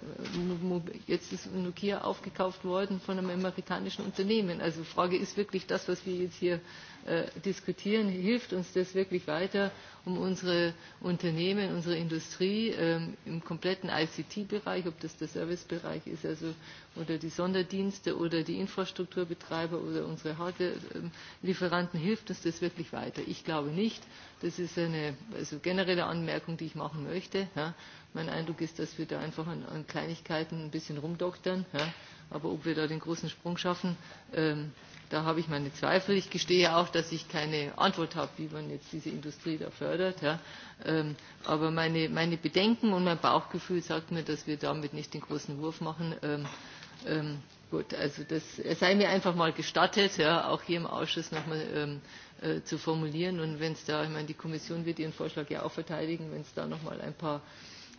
jetzt ist Nokia aufgekauft worden von einem amerikanischen Unternehmen. Also die Frage ist wirklich das, was wir jetzt hier Äh, diskutieren hilft uns das wirklich weiter um unsere unternehmen unsere industrie ähm, im kompletten ict bereich ob das der servicebereich ist also oder die sonderdienste oder die infrastrukturbetreiber oder unsere hardware lieferanten hilft uns das wirklich weiter? ich glaube nicht. das ist eine also generelle anmerkung die ich machen möchte. Ja. mein eindruck ist dass wir da einfach an, an kleinigkeiten ein bisschen rumdoktern. Ja. aber ob wir da den großen sprung schaffen ähm, da habe ich meine Zweifel. Ich gestehe auch, dass ich keine Antwort habe, wie man jetzt diese Industrie da fördert. Ja. Ähm, aber meine, meine Bedenken und mein Bauchgefühl sagt mir, dass wir damit nicht den großen Wurf machen. Ähm, ähm, gut, also das es er sei mir einfach mal gestattet, ja, auch hier im Ausschuss nochmal ähm, äh, zu formulieren. Und wenn es da, ich meine, die Kommission wird ihren Vorschlag ja auch verteidigen, wenn es da nochmal ein paar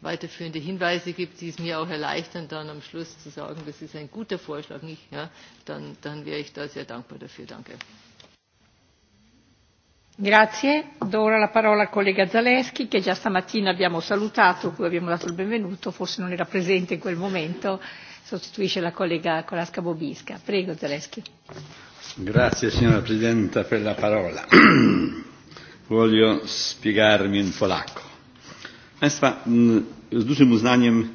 weiterführende Hinweise gibt, die es mir auch erleichtern, dann am Schluss zu sagen, das ist ein guter Vorschlag, nicht? Ja, dann, dann wäre ich da sehr dankbar dafür. Danke. Grazie. Do ora la parola al collega Zaleschi che già stamattina abbiamo salutato, cui abbiamo dato il benvenuto, forse non era presente in quel momento, sostituisce la collega Colasca Bobisca. Prego Zaleschi. Grazie signora Presidente per la parola. Voglio spiegarmi in polacco Państwa, mm, z dużym uznaniem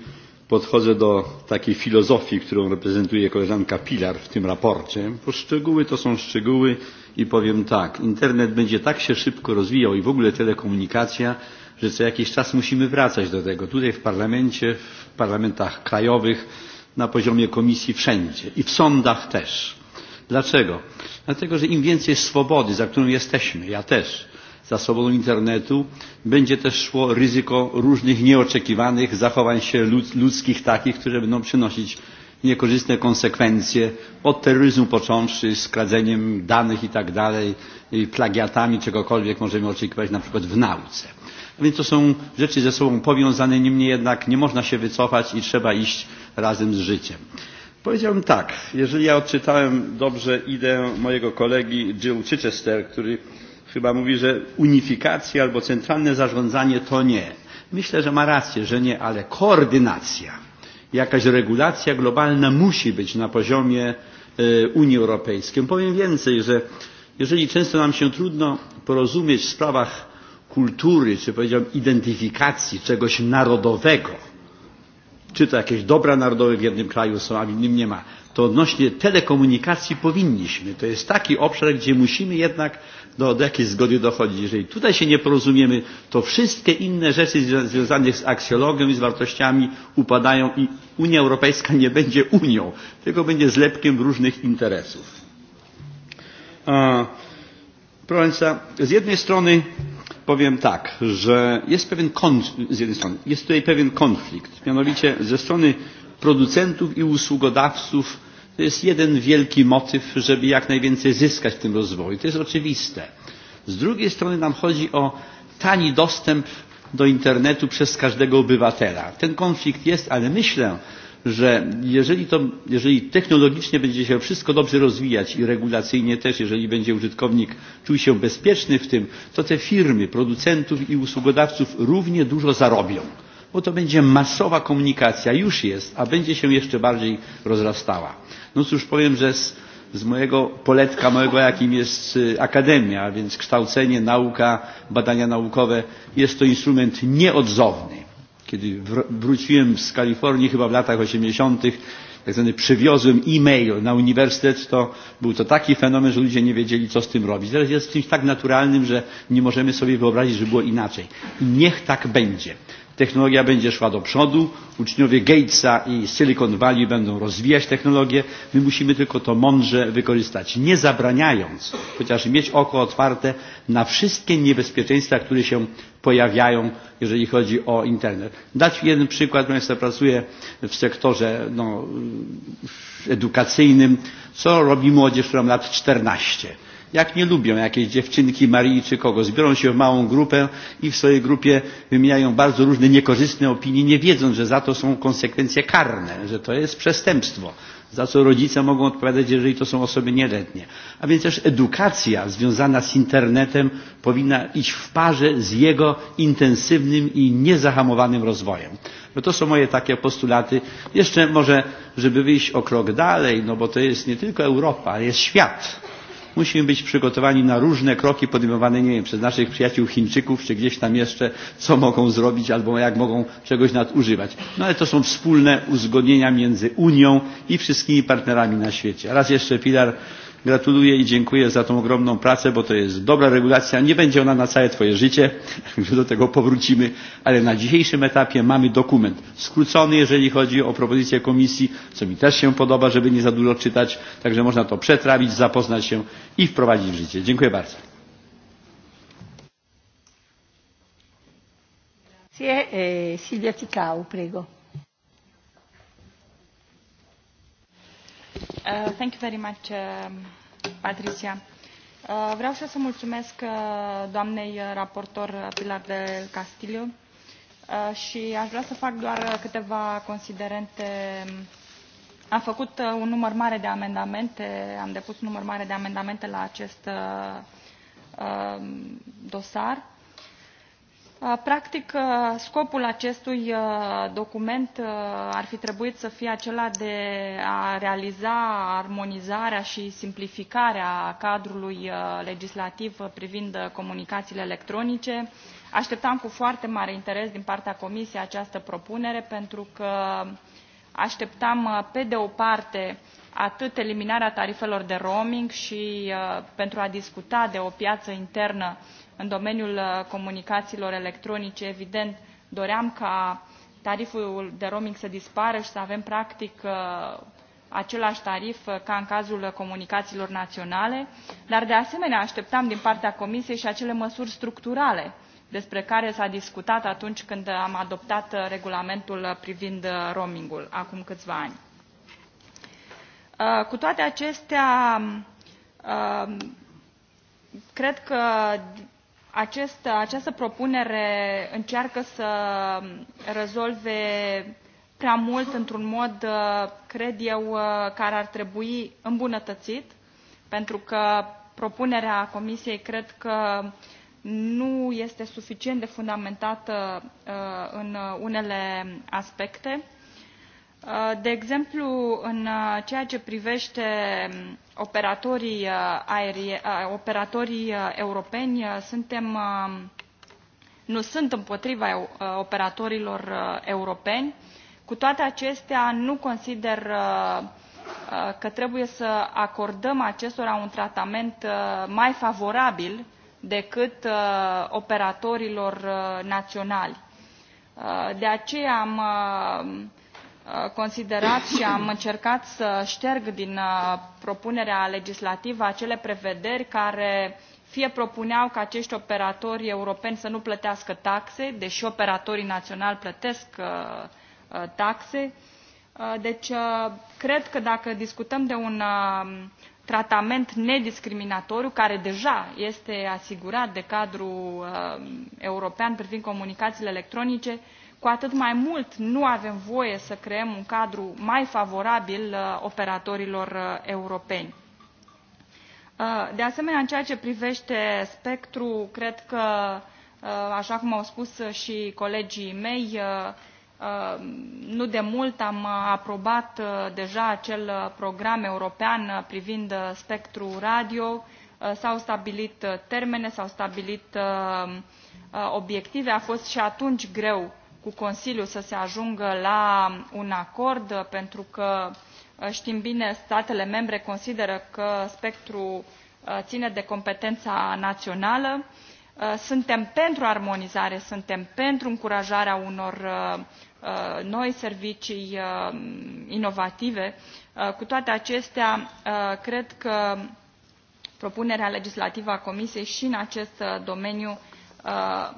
podchodzę do takiej filozofii, którą reprezentuje koleżanka Pilar w tym raporcie, bo szczegóły to są szczegóły i powiem tak, internet będzie tak się szybko rozwijał i w ogóle telekomunikacja, że co jakiś czas musimy wracać do tego. Tutaj w parlamencie, w parlamentach krajowych, na poziomie komisji wszędzie i w sądach też. Dlaczego? Dlatego, że im więcej swobody, za którą jesteśmy, ja też, za swobodą internetu będzie też szło ryzyko różnych nieoczekiwanych zachowań się ludzkich takich, które będą przynosić niekorzystne konsekwencje od terroryzmu począwszy skradzeniem danych i tak dalej, plagiatami czegokolwiek możemy oczekiwać na przykład w nauce. A więc to są rzeczy ze sobą powiązane, niemniej jednak nie można się wycofać i trzeba iść razem z życiem. Powiedziałbym tak, jeżeli ja odczytałem dobrze ideę mojego kolegi Jill Chichester, który chyba mówi, że unifikacja albo centralne zarządzanie to nie. Myślę, że ma rację, że nie, ale koordynacja, jakaś regulacja globalna musi być na poziomie e, Unii Europejskiej. Powiem więcej, że jeżeli często nam się trudno porozumieć w sprawach kultury, czy powiedziałbym identyfikacji czegoś narodowego, czy to jakieś dobra narodowe w jednym kraju są, a w innym nie ma, to odnośnie telekomunikacji powinniśmy. To jest taki obszar, gdzie musimy jednak do, do jakiej zgody dochodzi. Jeżeli tutaj się nie porozumiemy, to wszystkie inne rzeczy związane z aksjologią i z wartościami upadają i Unia Europejska nie będzie Unią, tylko będzie zlepkiem różnych interesów. Proszę Państwa, z jednej strony powiem tak, że jest pewien konflikt, z jednej strony, jest tutaj pewien konflikt, mianowicie ze strony producentów i usługodawców to jest jeden wielki motyw, żeby jak najwięcej zyskać w tym rozwoju. To jest oczywiste. Z drugiej strony nam chodzi o tani dostęp do internetu przez każdego obywatela. Ten konflikt jest, ale myślę, że jeżeli, to, jeżeli technologicznie będzie się wszystko dobrze rozwijać i regulacyjnie też, jeżeli będzie użytkownik czuł się bezpieczny w tym, to te firmy producentów i usługodawców równie dużo zarobią bo to będzie masowa komunikacja, już jest, a będzie się jeszcze bardziej rozrastała. No cóż, powiem, że z, z mojego poletka, mojego jakim jest akademia, więc kształcenie, nauka, badania naukowe, jest to instrument nieodzowny. Kiedy wróciłem z Kalifornii chyba w latach 80 tak zwany przywiozłem e-mail na uniwersytet, to był to taki fenomen, że ludzie nie wiedzieli, co z tym robić. Teraz jest czymś tak naturalnym, że nie możemy sobie wyobrazić, że było inaczej. niech tak będzie. Technologia będzie szła do przodu, uczniowie Gatesa i Silicon Valley będą rozwijać technologię. My musimy tylko to mądrze wykorzystać, nie zabraniając, chociaż mieć oko otwarte na wszystkie niebezpieczeństwa, które się pojawiają, jeżeli chodzi o internet. Dać jeden przykład, ponieważ ja pracuję w sektorze no, edukacyjnym, co robi młodzież, która ma lat 14 jak nie lubią jakieś dziewczynki, Marii czy kogo. Zbiorą się w małą grupę i w swojej grupie wymieniają bardzo różne niekorzystne opinie, nie wiedząc, że za to są konsekwencje karne, że to jest przestępstwo za co rodzice mogą odpowiadać, jeżeli to są osoby nieletnie. A więc też edukacja związana z internetem powinna iść w parze z jego intensywnym i niezahamowanym rozwojem. No to są moje takie postulaty. Jeszcze może, żeby wyjść o krok dalej, no bo to jest nie tylko Europa, ale jest świat musimy być przygotowani na różne kroki podejmowane, nie wiem, przez naszych przyjaciół Chińczyków, czy gdzieś tam jeszcze, co mogą zrobić, albo jak mogą czegoś nadużywać. No ale to są wspólne uzgodnienia między Unią i wszystkimi partnerami na świecie. Raz jeszcze filar Gratuluję i dziękuję za tą ogromną pracę, bo to jest dobra regulacja. Nie będzie ona na całe Twoje życie, do tego powrócimy, ale na dzisiejszym etapie mamy dokument skrócony, jeżeli chodzi o propozycję komisji, co mi też się podoba, żeby nie za dużo czytać, także można to przetrawić, zapoznać się i wprowadzić w życie. Dziękuję bardzo. E, Silvia prego. Uh, thank you very much, um, Patricia. Uh, vreau și să mulțumesc uh, doamnei raportor Pilar del Castillo și aș vrea să fac doar câteva considerente. Am făcut un număr mare de amendamente, am depus un număr mare de amendamente la acest dosar Uh, practic uh, scopul acestui uh, document ar fi trebuit să fie acela de a realiza armonizarea și simplificarea cadrului legislativ privind comunicațiile electronice. așteptam cu foarte mare interes din partea comisiei această propunere pentru că așteptam pe de o parte atât eliminarea tarifelor de roaming și pentru a discuta de o piață internă În domeniul uh, comunicațiilor electronice, evident, doream ca tariful de roaming să dispară și să avem practic uh, același tarif uh, ca în cazul comunicațiilor naționale, dar de asemenea așteptam din partea Comisiei și acele măsuri structurale despre care s-a discutat atunci când am adoptat regulamentul privind roamingul acum câțiva ani. Cu toate acestea, um, cred că Acest, această propunere încearcă să mm, rezolve prea mult într-un mod, uh, cred eu, uh, care ar trebui îmbunătățit, pentru că propunerea Comisiei cred că nu este suficient de fundamentată uh, în unele aspecte. De exemplu, în ceea ce privește mm, operatorii, uh, uh, uh, europeni um, nu sunt împotriva operatorilor europeni. Cu toate acestea, nu consider că trebuie să acordăm acestora un tratament mai favorabil decât operatorilor naționali. De aceea am Uh, considerat și am încercat să șterg din uh, propunerea legislativă acele prevederi care fie propuneau ca acești operatori europeni să nu plătească taxe, deși operatorii naționali plătesc uh, taxe. Deci, cred că dacă discutăm de un tratament nediscriminatoriu, care deja este asigurat de cadrul european privind comunicațiile electronice, cu atât mai mult nu avem voie să creăm un cadru mai favorabil uh, operatorilor uh, europeni. Uh, de asemenea, în ceea ce privește spectru, cred că, așa cum au spus și colegii mei, nu de mult am aprobat deja acel program european privind spectrul radio, s-au stabilit termene, s-au stabilit obiective, a fost și atunci greu cu Consiliul să se ajungă la un acord, pentru că știm bine, statele membre consideră că spectrul ține de competența națională. Suntem pentru armonizare, suntem pentru încurajarea unor noi servicii inovative. Cu toate acestea, cred că propunerea legislativă a Comisiei și în acest domeniu Uh,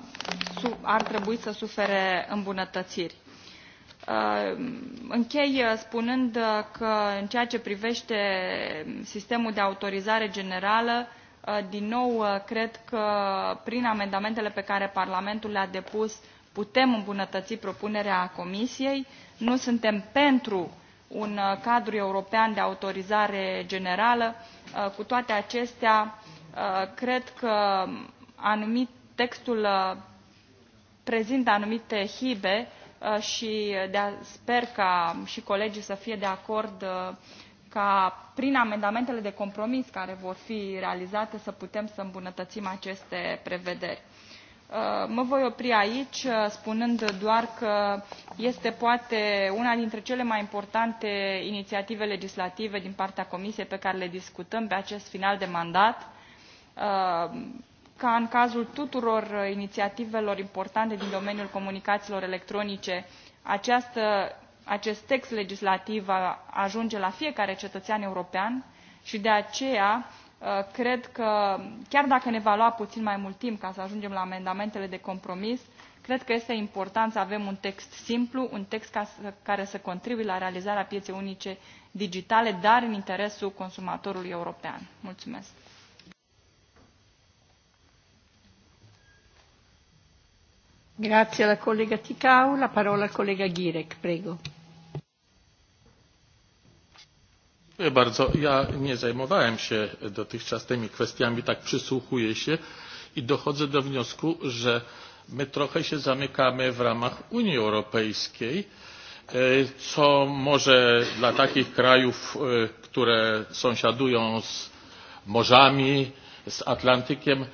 ar trebui să sufere îmbunătățiri. Uh, închei uh, spunând că în ceea ce privește sistemul de autorizare generală, din nou cred că prin amendamentele pe care Parlamentul le-a depus putem îmbunătăți propunerea Comisiei. Nu suntem pentru un cadru european de autorizare generală. Cu toate acestea, cred că anumit textul uh, prezintă anumite hibe uh, și uh, sper ca și colegii să fie de acord ca prin amendamentele de compromis care vor fi realizate să putem să îmbunătățim aceste prevederi. Mă voi opri aici spunând doar că este poate una dintre cele mai importante inițiative legislative din partea Comisiei pe care le discutăm pe acest final de mandat ca în cazul tuturor uh, inițiativelor importante din domeniul comunicațiilor electronice această, acest text legislativ ajunge la fiecare cetățean european și de aceea uh, cred că chiar dacă ne va lua puțin mai mult timp ca să ajungem la amendamentele de compromis cred că este important să avem un text simplu un text care să contribuie la realizarea pieței unice digitale dar în interesul consumatorului european. mulțumesc. Ja nie zajmowałem się dotychczas tymi kwestiami, tak przysłuchuję się i dochodzę do wniosku, że my trochę się zamykamy w ramach Unii Europejskiej, e, co może dla takich krajów, e, które sąsiadują z morzami, z Atlantykiem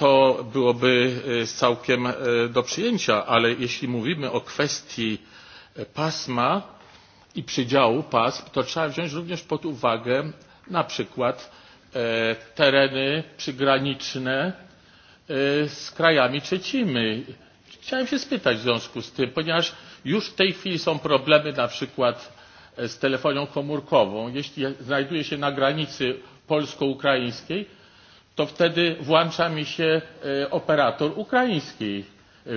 to byłoby całkiem do przyjęcia ale jeśli mówimy o kwestii pasma i przydziału pasm to trzeba wziąć również pod uwagę na przykład tereny przygraniczne z krajami trzecimi. Chciałem się spytać w związku z tym, ponieważ już w tej chwili są problemy na przykład z telefonią komórkową. Jeśli znajduje się na granicy polsko-ukraińskiej, to wtedy włącza mi się e, operator ukraiński e,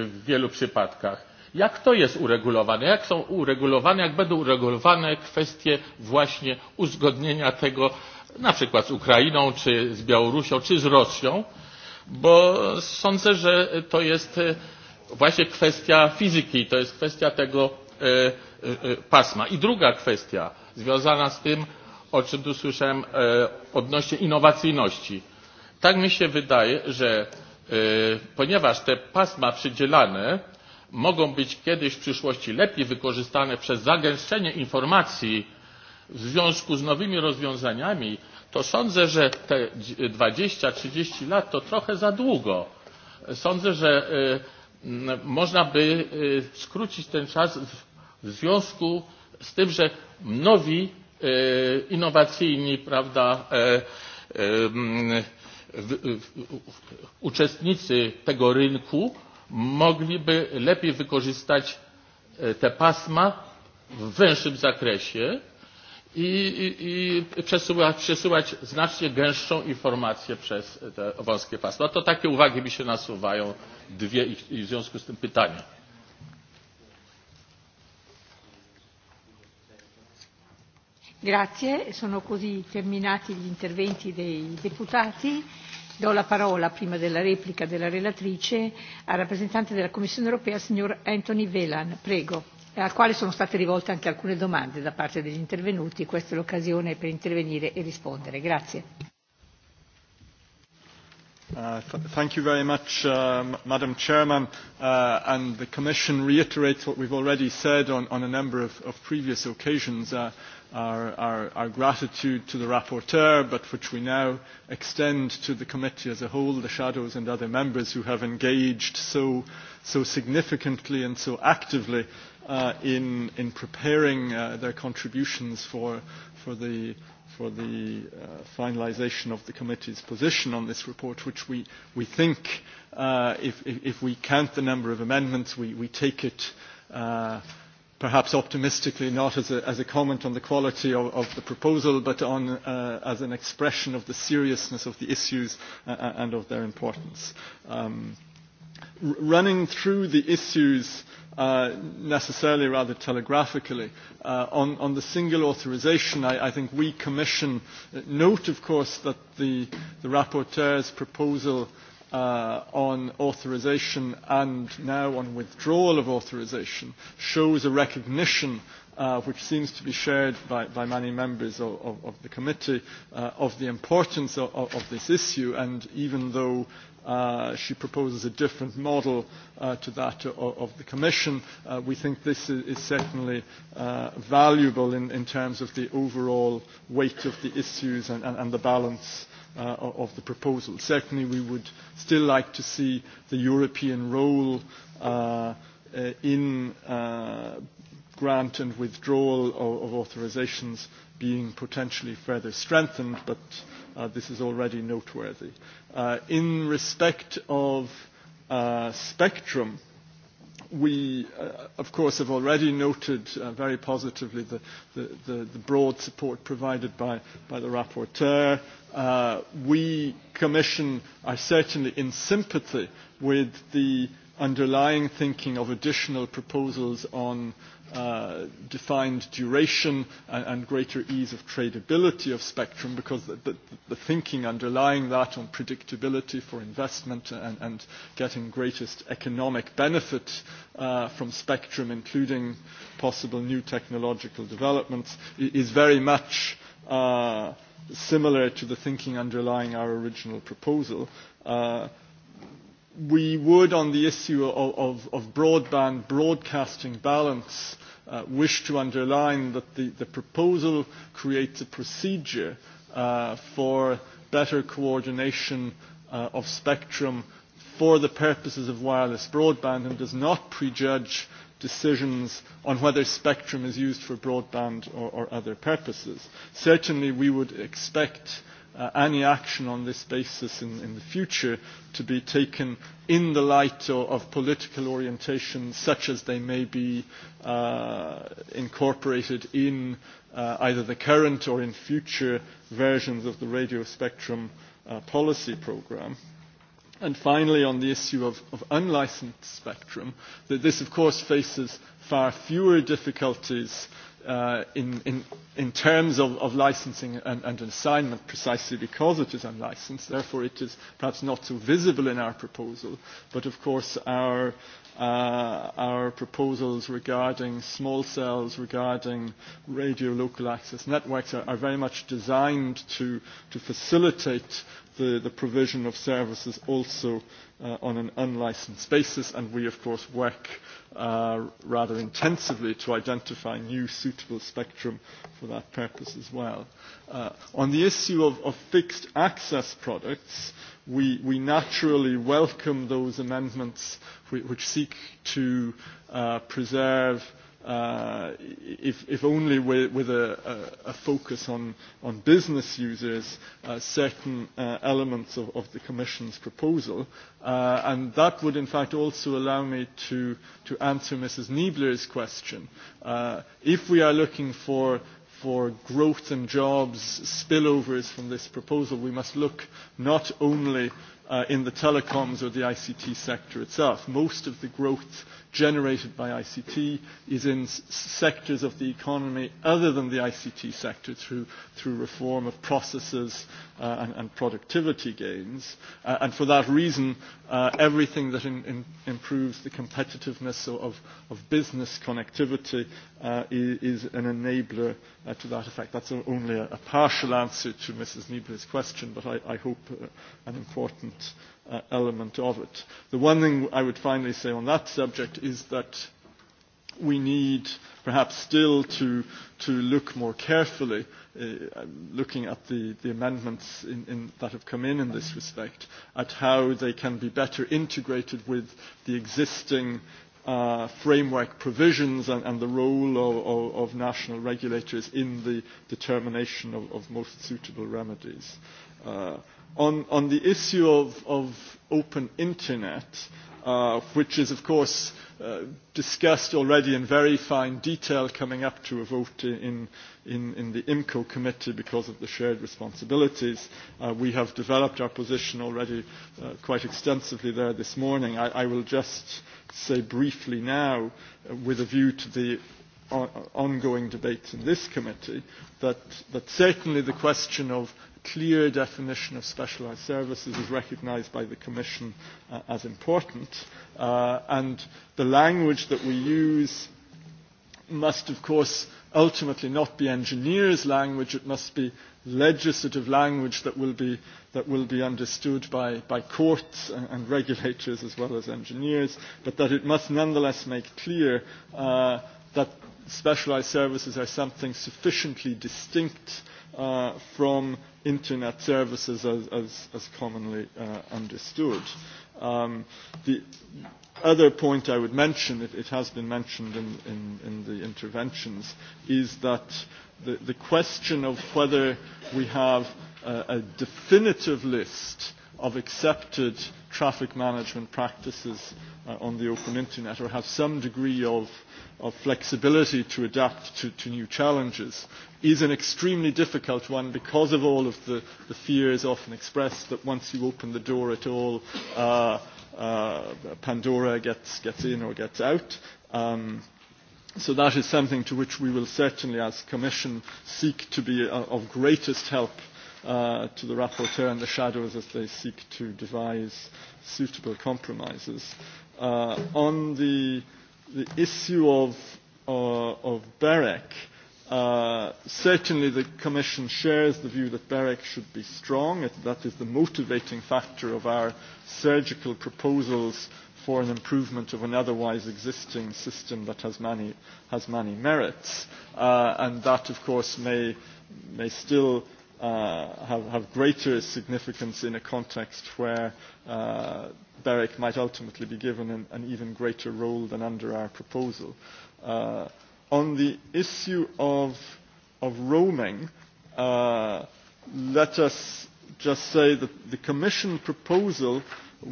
w wielu przypadkach. Jak to jest uregulowane? Jak są uregulowane, jak będą uregulowane kwestie właśnie uzgodnienia tego na przykład z Ukrainą, czy z Białorusią, czy z Rosją? Bo sądzę, że to jest e, właśnie kwestia fizyki, to jest kwestia tego pasma. I druga kwestia związana z tym, o czym tu słyszałem odnośnie innowacyjności tak mi się wydaje że e, ponieważ te pasma przydzielane mogą być kiedyś w przyszłości lepiej wykorzystane przez zagęszczenie informacji w związku z nowymi rozwiązaniami to sądzę że te 20-30 lat to trochę za długo. sądzę że e, można by e, skrócić ten czas w związku z tym że nowi innowacyjni prawda uczestnicy tego rynku mogliby lepiej wykorzystać e, te pasma w węższym zakresie i, i przesyłać, przesyłać znacznie gęstszą informację przez te wąskie pasma. To takie uwagi mi się nasuwają, dwie i, i w związku z tym pytania. Grazie, sono così terminati gli interventi dei deputati do la parola prima della replica della relatrice al rappresentante della commissione europea signor anthony velan prego e al quale sono state rivolte anche alcune domande da parte degli intervenuti questa è l'occasione per intervenire e rispondere grazie uh, thank you very much uh, madam chairman uh, and the commission reiterates what we've already said on on a number of previous occasions our, our, our gratitude to the rapporteur, but which we now extend to the committee as a whole, the shadows and other members who have engaged so, so significantly and so actively uh, in, in preparing uh, their contributions for, for the for the uh, finalisation of the committee's position on this report, which we, we think, uh, if, if, if we count the number of amendments, we, we take it uh, perhaps optimistically not as a, as a comment on the quality of, of the proposal but on, uh, as an expression of the seriousness of the issues uh, uh and of their importance. Um, running through the issues uh, necessarily rather telegraphically. Uh, on, on the single authorization, I, I think we commission, uh, note of course that the, the rapporteur's proposal uh, on authorisation and now on withdrawal of authorisation shows a recognition uh, which seems to be shared by, by many members of, of, of the committee uh, of the importance of, of this issue and even though Uh, she proposes a different model uh, to that of, of the Commission. Uh, we think this is, is certainly uh, valuable in, in terms of the overall weight of the issues and, and, and the balance Uh, of the proposal. Certainly we would still like to see the European role uh, uh, in grant and withdrawal of, of authorizations being potentially further strengthened, but this is already noteworthy. in respect of spectrum, we, uh, of course, have already noted uh, very positively the, the, the, the broad support provided by, by the rapporteur. Uh, we, Commission, are certainly in sympathy with the underlying thinking of additional proposals on uh, defined duration and, and greater ease of tradability of spectrum because the, the, the thinking underlying that on predictability for investment and, and getting greatest economic benefit uh, from spectrum, including possible new technological developments, is very much uh, similar to the thinking underlying our original proposal. Uh, we would, on the issue of, of, of broadband broadcasting balance, uh, wish to underline that the, the proposal creates a procedure uh, for better coordination uh, of spectrum for the purposes of wireless broadband and does not prejudge decisions on whether spectrum is used for broadband or, or other purposes. Certainly, we would expect uh, any action on this basis in, in the future to be taken in the light of, of political orientations such as they may be uh, incorporated in uh, either the current or in future versions of the radio spectrum uh, policy programme. And finally, on the issue of, of unlicensed spectrum, that this, of course, faces far fewer difficulties Uh, in, in, in terms of, of licensing and, and assignment precisely because it is unlicensed. Therefore, it is perhaps not so visible in our proposal. But of course, our, uh, our proposals regarding small cells, regarding radio local access networks are, are very much designed to, to facilitate the, provision of services also uh, on an unlicensed basis and we of course work uh, rather intensively to identify new suitable spectrum for that purpose as well. Uh, on the issue of, fixed access products, we, we naturally welcome those amendments which, seek to preserve Uh, if, if only with, with a, a, a focus on, on business users, uh, certain uh, elements of, of the Commission's proposal. Uh, and that would, in fact, also allow me to, to answer Mrs. Niebler's question. Uh, if we are looking for for growth and jobs spillovers from this proposal, we must look not only uh, in the telecoms or the ICT sector itself. Most of the growth generated by ICT is in sectors of the economy other than the ICT sector through, through reform of processes uh, and, productivity gains. Uh, and for that reason, uh, everything that improves the competitiveness of, of business connectivity is, an enabler to that effect. That's a, only a, partial answer to Mrs. Niebler's question, but I, I hope an important Uh, element of it. The one thing I would finally say on that subject is that we need perhaps still to, to look more carefully, uh, um, looking at the, amendments in, that have come in in this respect, at how they can be better integrated with the existing uh, framework provisions and, the role of, of, national regulators in the determination of, most suitable remedies on, on the issue of, of open internet, uh, which is, of course, uh, discussed already in very fine detail coming up to a vote in, in, in the IMCO committee because of the shared responsibilities. Uh, we have developed our position already uh, quite extensively there this morning. I, I will just say briefly now, uh, with a view to the ongoing debates in this committee that, certainly the question of clear definition of specialised services is recognised by the Commission uh, as important. Uh, and the language that we use must, of course, ultimately not be engineers' language. It must be legislative language that will be, understood by, courts and, regulators as well as engineers, but that it must nonetheless make clear uh, that specialized services are something sufficiently distinct uh, from internet services as, as, commonly uh, understood. Um, the other point I would mention, it, it has been mentioned in, in, the interventions, is that the, question of whether we have a, a definitive list of accepted traffic management practices uh, on the open internet or have some degree of, flexibility to adapt to, to new challenges is an extremely difficult one because of all of the, the fears often expressed that once you open the door at all, uh, uh, Pandora gets, gets in or gets out. Um, so that is something to which we will certainly as Commission seek to be of greatest help Uh, to the rapporteur and the shadows as they seek to devise suitable compromises. Uh, on the, the issue of, uh, of BEREC, certainly the Commission shares the view that BEREC should be strong. It, that is the motivating factor of our surgical proposals for an improvement of an otherwise existing system that has many, has many merits. and that, of course, may, may still Uh, have, have greater significance in a context where uh, BEREC might ultimately be given an, an even greater role than under our proposal. Uh, on the issue of, roaming, uh, let us just say that the Commission proposal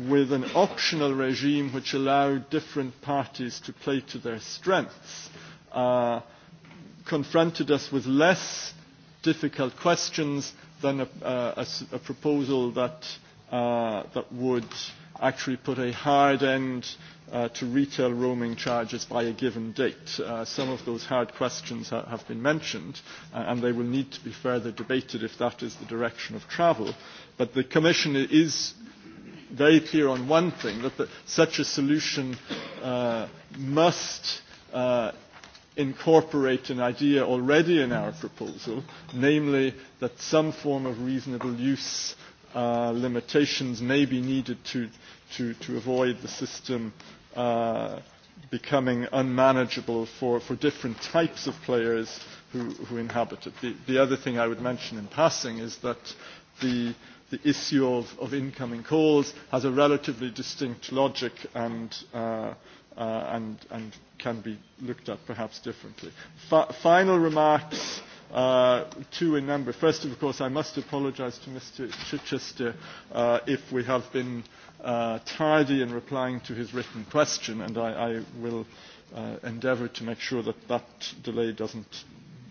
with an optional regime which allowed different parties to play to their strengths confronted us with less difficult questions than a, proposal that, uh, that would actually put a hard end uh, to retail roaming charges by a given date. Uh, some of those hard questions have been mentioned and they will need to be further debated if that is the direction of travel. But the Commission is very clear on one thing, that such a solution must incorporate an idea already in our proposal, namely that some form of reasonable use uh, limitations may be needed to, to, to avoid the system uh, becoming unmanageable for, for different types of players who, who inhabit it. The, the other thing I would mention in passing is that the, the issue of, of incoming calls has a relatively distinct logic and uh, Uh, and, and can be looked at perhaps differently. F final remarks, uh, two in number. First, of course, I must apologize to Mr. Chichester uh, if we have been uh, tardy in replying to his written question, and I, I will uh, endeavor to make sure that that delay doesn't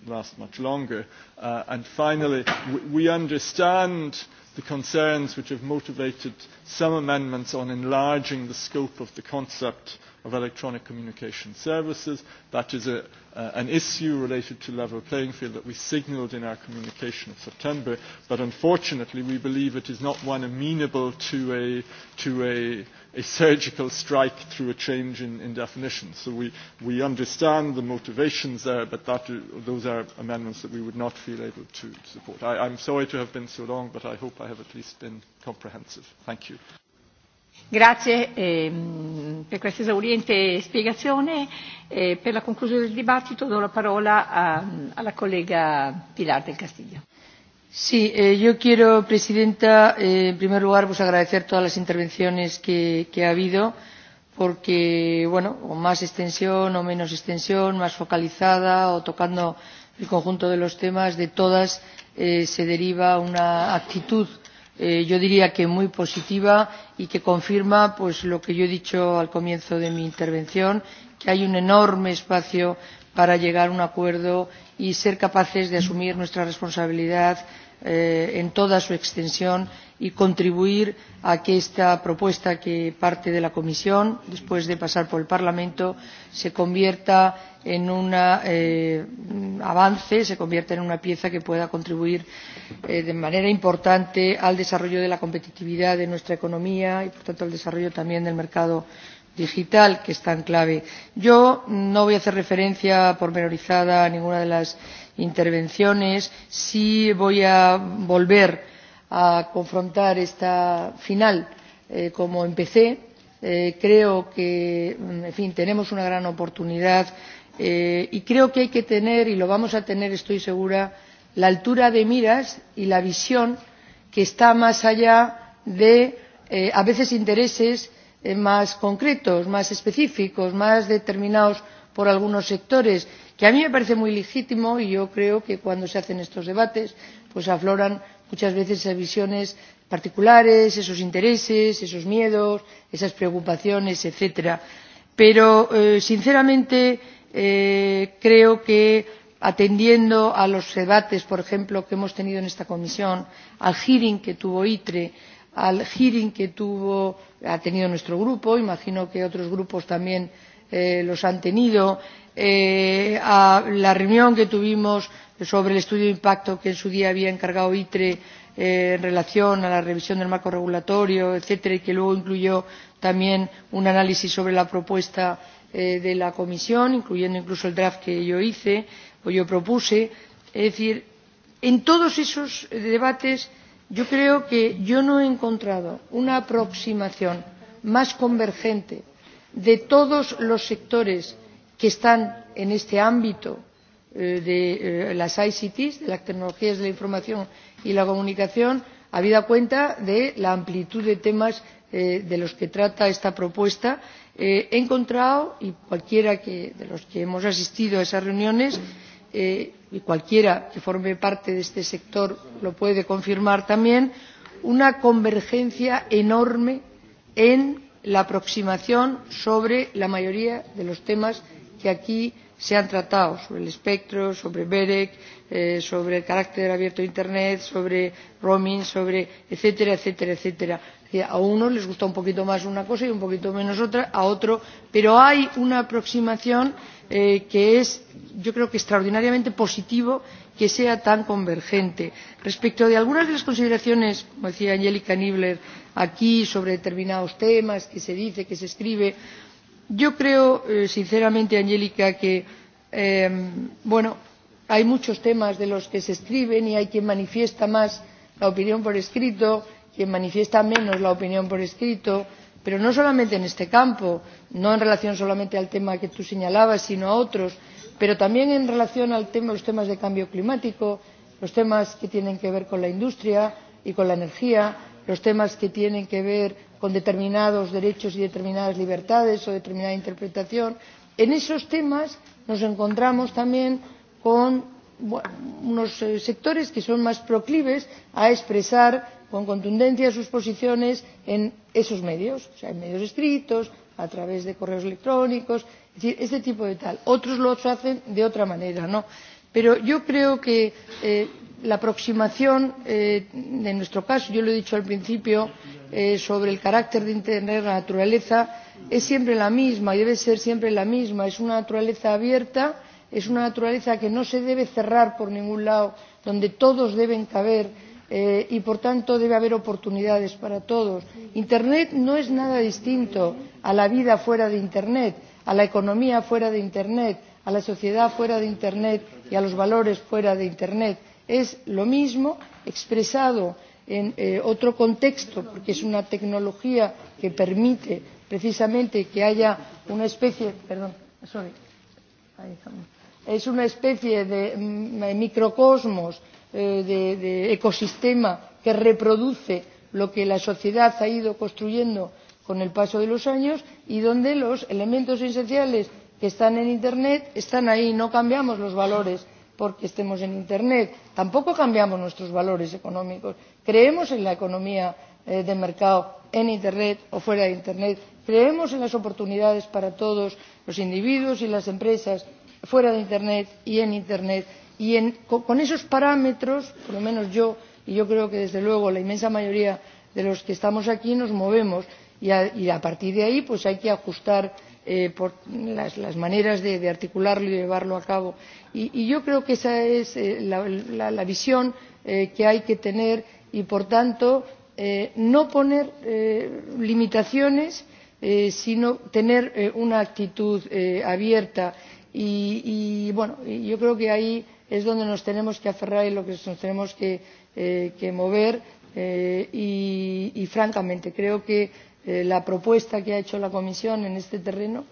last much longer. Uh, and finally, w we understand the concerns which have motivated some amendments on enlarging the scope of the concept of electronic communication services. That is a, uh, an issue related to level playing field that we signalled in our communication of September, but unfortunately we believe it is not one amenable to a, to a, a surgical strike through a change in, in definition. So we, we understand the motivations there, but that, those are amendments that we would not feel able to support. I, I'm sorry to have been so long, but I hope I have at least been comprehensive. Thank you. Grazie ehm, per questa esauriente spiegazione e per la conclusione del dibattito do la parola a, alla collega Pilar del Castillo. Sí, eh, yo quiero, Presidenta, eh, en primer lugar agradecer todas las intervenciones que, ha habido, porque bueno, o más extensión o menos extensión, más focalizada o tocando el conjunto de los temas, de todas eh, se deriva una actitud Eh, yo diría que muy positiva y que confirma pues, lo que yo he dicho al comienzo de mi intervención que hay un enorme espacio para llegar a un acuerdo y ser capaces de asumir nuestra responsabilidad Eh, en toda su extensión y contribuir a que esta propuesta que parte de la comisión después de pasar por el parlamento se convierta en un eh, avance se convierta en una pieza que pueda contribuir eh, de manera importante al desarrollo de la competitividad de nuestra economía y por tanto al desarrollo también del mercado digital que es tan clave. yo no voy a hacer referencia pormenorizada a ninguna de las intervenciones sí voy a volver a confrontar esta final eh, como empecé eh, creo que mm, en fin tenemos una gran oportunidad eh, y creo que hay que tener y lo vamos a tener estoy segura la altura de miras y la visión que está más allá de a veces intereses más concretos más específicos más determinados por algunos sectores que a mí me parece muy legítimo y yo creo que cuando se hacen estos debates pues afloran muchas veces esas visiones particulares esos intereses esos miedos esas preocupaciones etc. pero eh, sinceramente eh, creo que atendiendo a los debates por ejemplo que hemos tenido en esta comisión al hearing que tuvo itre al hearing que tuvo, ha tenido nuestro grupo imagino que otros grupos también Eh, los han tenido eh, a la reunión que tuvimos sobre el estudio de impacto que en su día había encargado itre eh, en relación a la revisión del marco regulatorio etcétera y que luego incluyó también un análisis sobre la propuesta de la comisión incluyendo incluso el draft que yo hice o yo propuse es decir en todos esos debates yo creo que yo no he encontrado una aproximación más convergente de todos los sectores que están en este ámbito eh, de eh, las ict de las tecnologías de la información y la comunicación habida cuenta de la amplitud de temas eh, de los que trata esta propuesta he encontrado y cualquiera de los que hemos asistido a esas reuniones y cualquiera que forme parte de este sector lo puede confirmar también una convergencia enorme en la aproximación sobre la mayoría de los temas que aquí se han tratado sobre el espectro sobre BEREC, eh, sobre el carácter abierto de internet sobre roaming sobre etcétera etcétera etcétera a unos les gusta un poquito más una cosa y un poquito menos otra a otro pero hay una aproximación Eh, que es yo creo que extraordinariamente positivo que sea tan convergente. respecto de algunas de las consideraciones como decía angelika niebler aquí sobre determinados temas que se dice que se escribe yo creo eh, sinceramente angelika que bueno hay muchos temas de los que se escriben y hay quien manifiesta más la opinión por escrito quien manifiesta menos la opinión por escrito pero no solamente en este campo no en relación solamente al tema que tú señalabas sino a otros pero también en relación con los temas de cambio climático los temas que tienen que ver con la industria y con la energía los temas que tienen que ver con determinados derechos y determinadas libertades o determinada interpretación en esos temas nos encontramos también con unos eh, sectores que son más proclives a expresar con contundencia sus posiciones en esos medios o sea en medios escritos a través de correos electrónicos es decir este tipo de tal otros lo hacen de otra manera no pero yo creo que eh, la aproximación eh, en nuestro caso yo lo he dicho al principio eh, sobre el carácter de entender la naturaleza es siempre la misma y debe ser siempre la misma es una naturaleza abierta es una naturaleza que no se debe cerrar por ningún lado donde todos deben caber eh, y por tanto debe haber oportunidades para todos. internet no es nada distinto a la vida fuera de internet a la economía fuera de internet a la sociedad fuera de internet y a los valores fuera de internet. es lo mismo expresado en eh, otro contexto porque es una tecnología que permite precisamente que haya una especie perdón sorry, es una especie de mm, microcosmos Eh, de, ecosistema que reproduce lo que la sociedad ha ido construyendo con el paso de los años y donde los elementos esenciales que están en internet están ahí no cambiamos los valores porque estemos en internet tampoco cambiamos nuestros valores económicos creemos en la economía eh, de mercado en internet o fuera de internet creemos en las oportunidades para todos los individuos y las empresas fuera de internet y en internet y con, esos parámetros por lo menos yo y yo creo que desde luego la inmensa mayoría de los que estamos aquí nos movemos y a, partir de ahí pues hay que ajustar eh, las, maneras de, articularlo y llevarlo a cabo y, yo creo que esa es eh, la, visión eh, que hay que tener y por tanto no poner limitaciones sino tener una actitud abierta y, y bueno yo creo que ahí es donde nos tenemos que aferrar y lo que nos tenemos que, eh, mover eh, y, francamente creo que eh, la propuesta que ha hecho la comisión en este terreno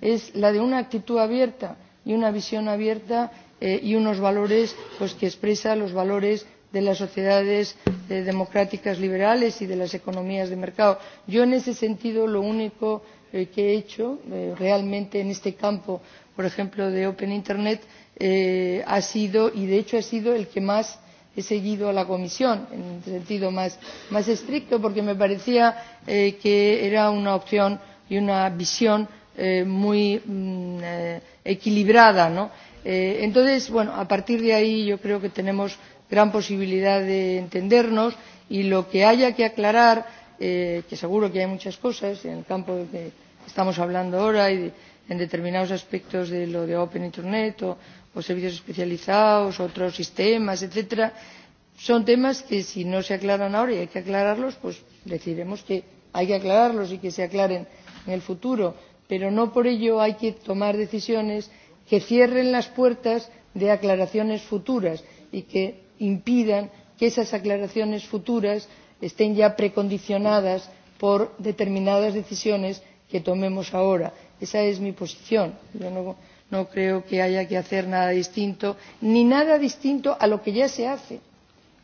es la de una actitud abierta y una visión abierta y unos valores que expresan los valores de las sociedades democráticas liberales y de las economías de mercado. yo en ese sentido lo único que he hecho realmente en este campo por ejemplo de open internet Eh, ha sido y de hecho ha sido el que más he seguido a la comisión en el sentido más, estricto porque me parecía eh, que era una opción y una visión eh, muy mm, equilibrada. entonces bueno, a partir de ahí yo creo que tenemos gran posibilidad de entendernos y lo que haya que aclarar que seguro que hay muchas cosas en el campo de que estamos hablando ahora y en determinados aspectos de lo de open internet o o servicios especializados otros sistemas etcétera son temas que si no se aclaran ahora y hay que aclararlos pues decidiremos que hay que aclararlos y que se aclaren en el futuro pero no por ello hay que tomar decisiones que cierren las puertas de aclaraciones futuras y que impidan que esas aclaraciones futuras estén ya precondicionadas por determinadas decisiones que tomemos ahora. esa es mi posición. Yo no no creo que haya que hacer nada distinto ni nada distinto a lo que ya se hace.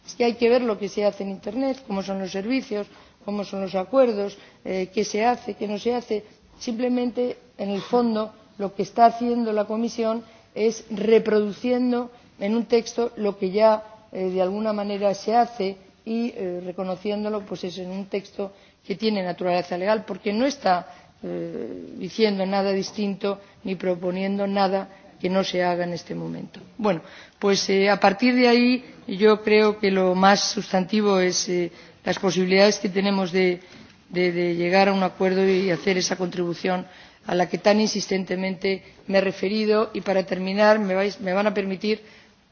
es que hay que ver lo que se hace en internet cómo son los servicios cómo son los acuerdos eh, qué se hace qué no se hace. simplemente en el fondo lo que está haciendo la comisión es reproduciendo en un texto lo que ya eh, de alguna manera se hace y eh, reconociéndolo pues en un texto que tiene naturaleza legal porque no está Eh, diciendo nada distinto ni proponiendo nada que no se haga en este momento. Bueno, pues eh, a partir de ahí yo creo que lo más sustantivo es eh, las posibilidades que tenemos de, de, llegar a un acuerdo y hacer esa contribución a la que tan insistentemente me he referido y para terminar me, van a permitir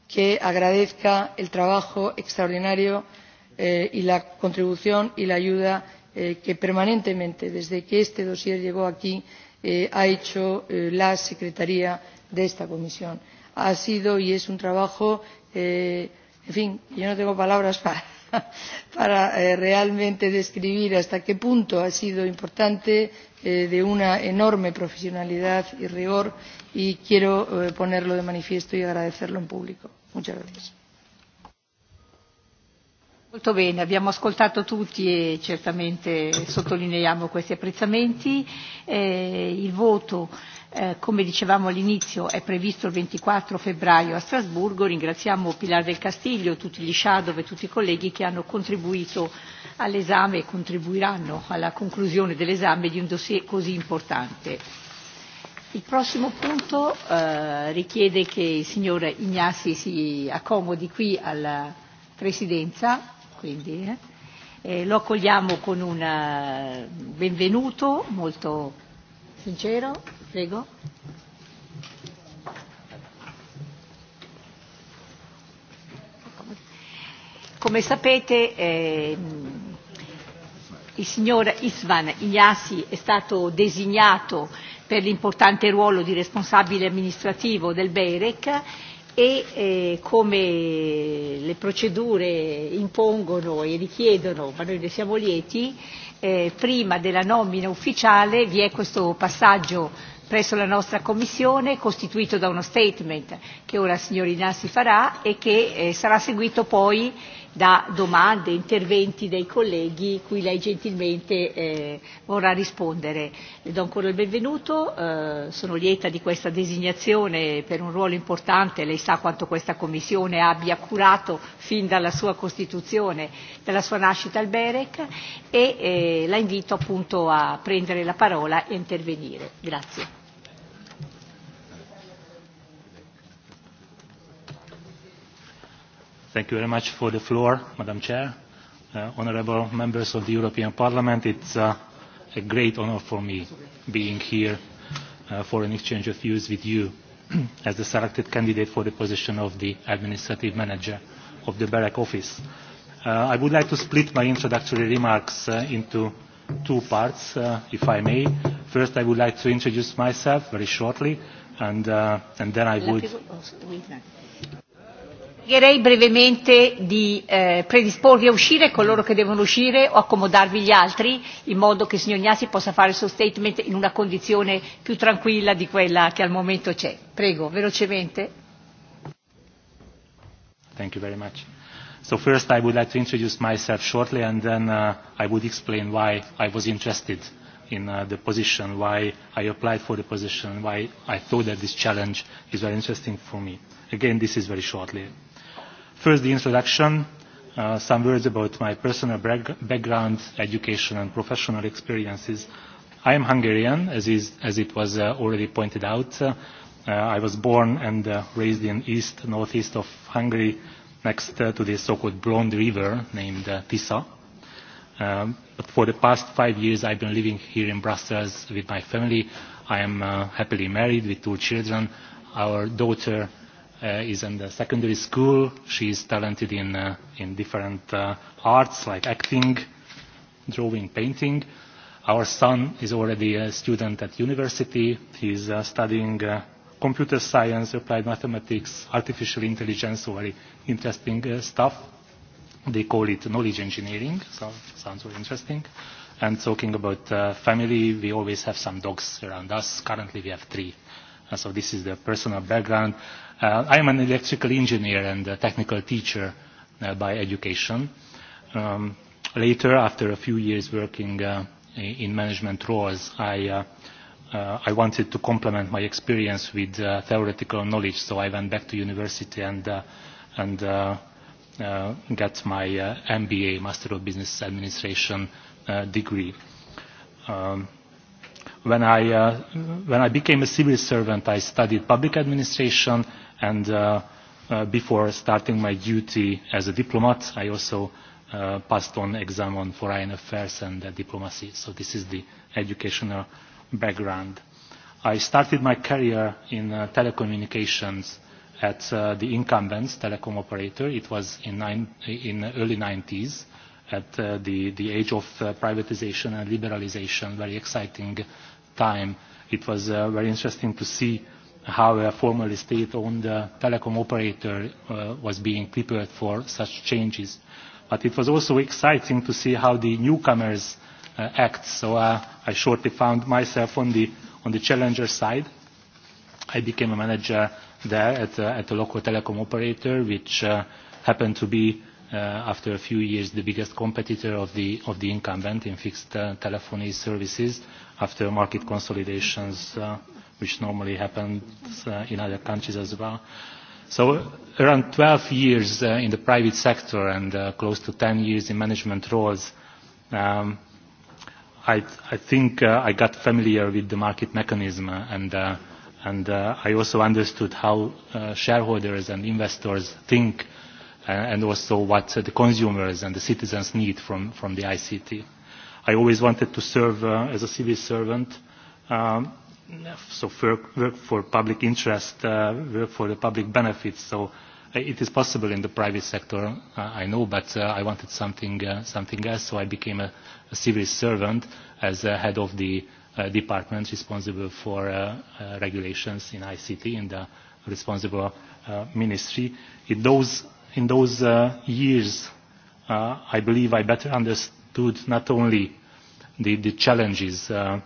que agradezca el trabajo extraordinario y la contribución y la ayuda Eh, que permanentemente desde que este dossier llegó aquí eh, ha hecho eh, la secretaría de esta comisión. ha sido y es un trabajo en fin yo no tengo palabras para realmente describir hasta qué punto ha sido importante de una enorme profesionalidad y rigor y quiero ponerlo de manifiesto y agradecerlo en público. muchas gracias. Molto bene, abbiamo ascoltato tutti e certamente sottolineiamo questi apprezzamenti. Eh, il voto, eh, come dicevamo all'inizio, è previsto il 24 febbraio a Strasburgo. Ringraziamo Pilar del Castiglio, tutti gli shadow e tutti i colleghi che hanno contribuito all'esame e contribuiranno alla conclusione dell'esame di un dossier così importante. Il prossimo punto eh, richiede che il signor Ignasi si accomodi qui alla Presidenza quindi eh? Eh, lo accogliamo con un eh, benvenuto molto sincero, prego. Come sapete eh, il signor Isvan Ignasi è stato designato per l'importante ruolo di responsabile amministrativo del BEREC e eh, come le procedure impongono e richiedono, ma noi ne siamo lieti, eh, prima della nomina ufficiale vi è questo passaggio presso la nostra Commissione costituito da uno statement che ora signorina si farà e che eh, sarà seguito poi da domande, interventi dei colleghi cui lei gentilmente eh, vorrà rispondere. Le do ancora il benvenuto, eh, sono lieta di questa designazione per un ruolo importante, lei sa quanto questa Commissione abbia curato fin dalla sua costituzione, dalla sua nascita al BEREC e eh, la invito appunto a prendere la parola e intervenire. Grazie. Thank you very much for the floor, Madam Chair. Uh, honorable members of the European Parliament, it's uh, a great honor for me being here uh, for an exchange of views with you as the selected candidate for the position of the administrative manager of the Barack office. Uh, I would like to split my introductory remarks uh, into two parts, uh, if I may. First, I would like to introduce myself very shortly, and, uh, and then I would pregherei brevemente di eh, predisporvi a uscire coloro che devono uscire o accomodarvi gli altri in modo che il signor Gnassi possa fare il suo statement in una condizione più tranquilla di quella che al momento c'è. Prego, velocemente. Thank you very much. So first I would like to introduce myself shortly and then uh, I would explain why I was interested in uh, the position, why I applied for the position, why I thought that this challenge is very interesting for me. Again, this is very shortly. First, the introduction, uh, some words about my personal background, education and professional experiences. I am Hungarian, as, is, as it was uh, already pointed out. Uh, uh I was born and uh, raised in east, northeast of Hungary, next uh, to the so-called Blonde River named uh, Tisa. Um, but for the past five years, I've been living here in Brussels with my family. I am uh, happily married with two children. Our daughter uh, is in the secondary school. She is talented in, uh, in different uh, arts like acting, drawing, painting. Our son is already a student at university. He is uh, studying uh, computer science, applied mathematics, artificial intelligence, so very interesting uh, stuff. They call it knowledge engineering, so sounds very interesting. And talking about uh, family, we always have some dogs around us. Currently we have three. so this is the personal background Uh, I am an electrical engineer and a technical teacher uh, by education. Um, later, after a few years working uh, in management roles, I, uh, uh, I wanted to complement my experience with uh, theoretical knowledge, so I went back to university and, and got my MBA, Master of Business Administration degree. Um, when I, when I became a civil servant, I studied public administration and uh, uh, before starting my duty as a diplomat i also uh, passed on exam on foreign affairs and diplomacy so this is the educational background i started my career in telecommunications at the incumbents telecom operator it was in the early 90s at the the age of privatization and liberalization very exciting time it was very interesting to see how a formerly state-owned uh, telecom operator uh, was being prepared for such changes. But it was also exciting to see how the newcomers uh, act. So uh, I shortly found myself on the, on the challenger side. I became a manager there at, uh, at a local telecom operator, which uh, happened to be, uh, after a few years, the biggest competitor of the, of the incumbent in fixed uh, telephony services after market consolidations uh, which normally happens uh, in other countries as well. So around 12 years uh, in the private sector and uh, close to 10 years in management roles, um, I, I think uh, I got familiar with the market mechanism and, uh, and uh, I also understood how uh, shareholders and investors think uh, and also what uh, the consumers and the citizens need from, from the ICT. I always wanted to serve uh, as a civil servant um, so work, for public interest, uh, work for the public benefits. So uh, it is possible in the private sector, uh, I know, but uh, I wanted something, uh, something else, so I became a, civil servant as head of the uh, department responsible for uh, uh regulations in ICT in the responsible ministry. In those, in those uh, years, uh, I believe I better understood not only the, the challenges uh,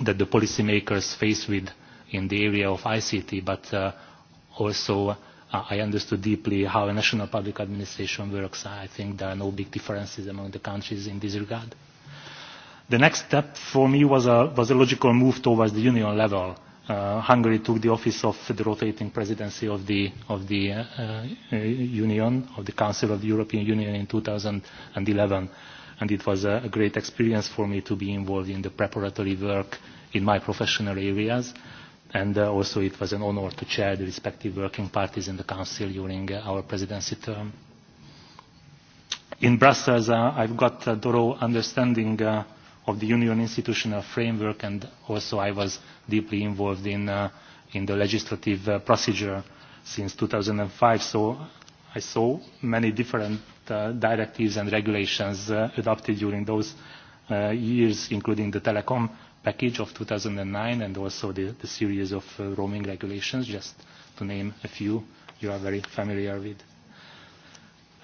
that the policymakers face with in the area of ICT, but uh, also uh, I understood deeply how a national public administration works. I think there are no big differences among the countries in this regard. The next step for me was a, was a logical move towards the union level. Uh, Hungary took the office of the rotating presidency of the, of the Union, of the Council of the European Union in 2011 and it was a great experience for me to be involved in the preparatory work in my professional areas and uh, also it was an honor to chair the respective working parties in the council during uh, our presidency term. In Brussels, uh, I've got a thorough understanding uh, of the union institutional framework and also I was deeply involved in, uh, in the legislative uh, procedure since 2005, so I saw many different Uh, directives and regulations uh, adopted during those uh, years, including the telecom package of 2009 and also the, the series of uh, roaming regulations, just to name a few you are very familiar with.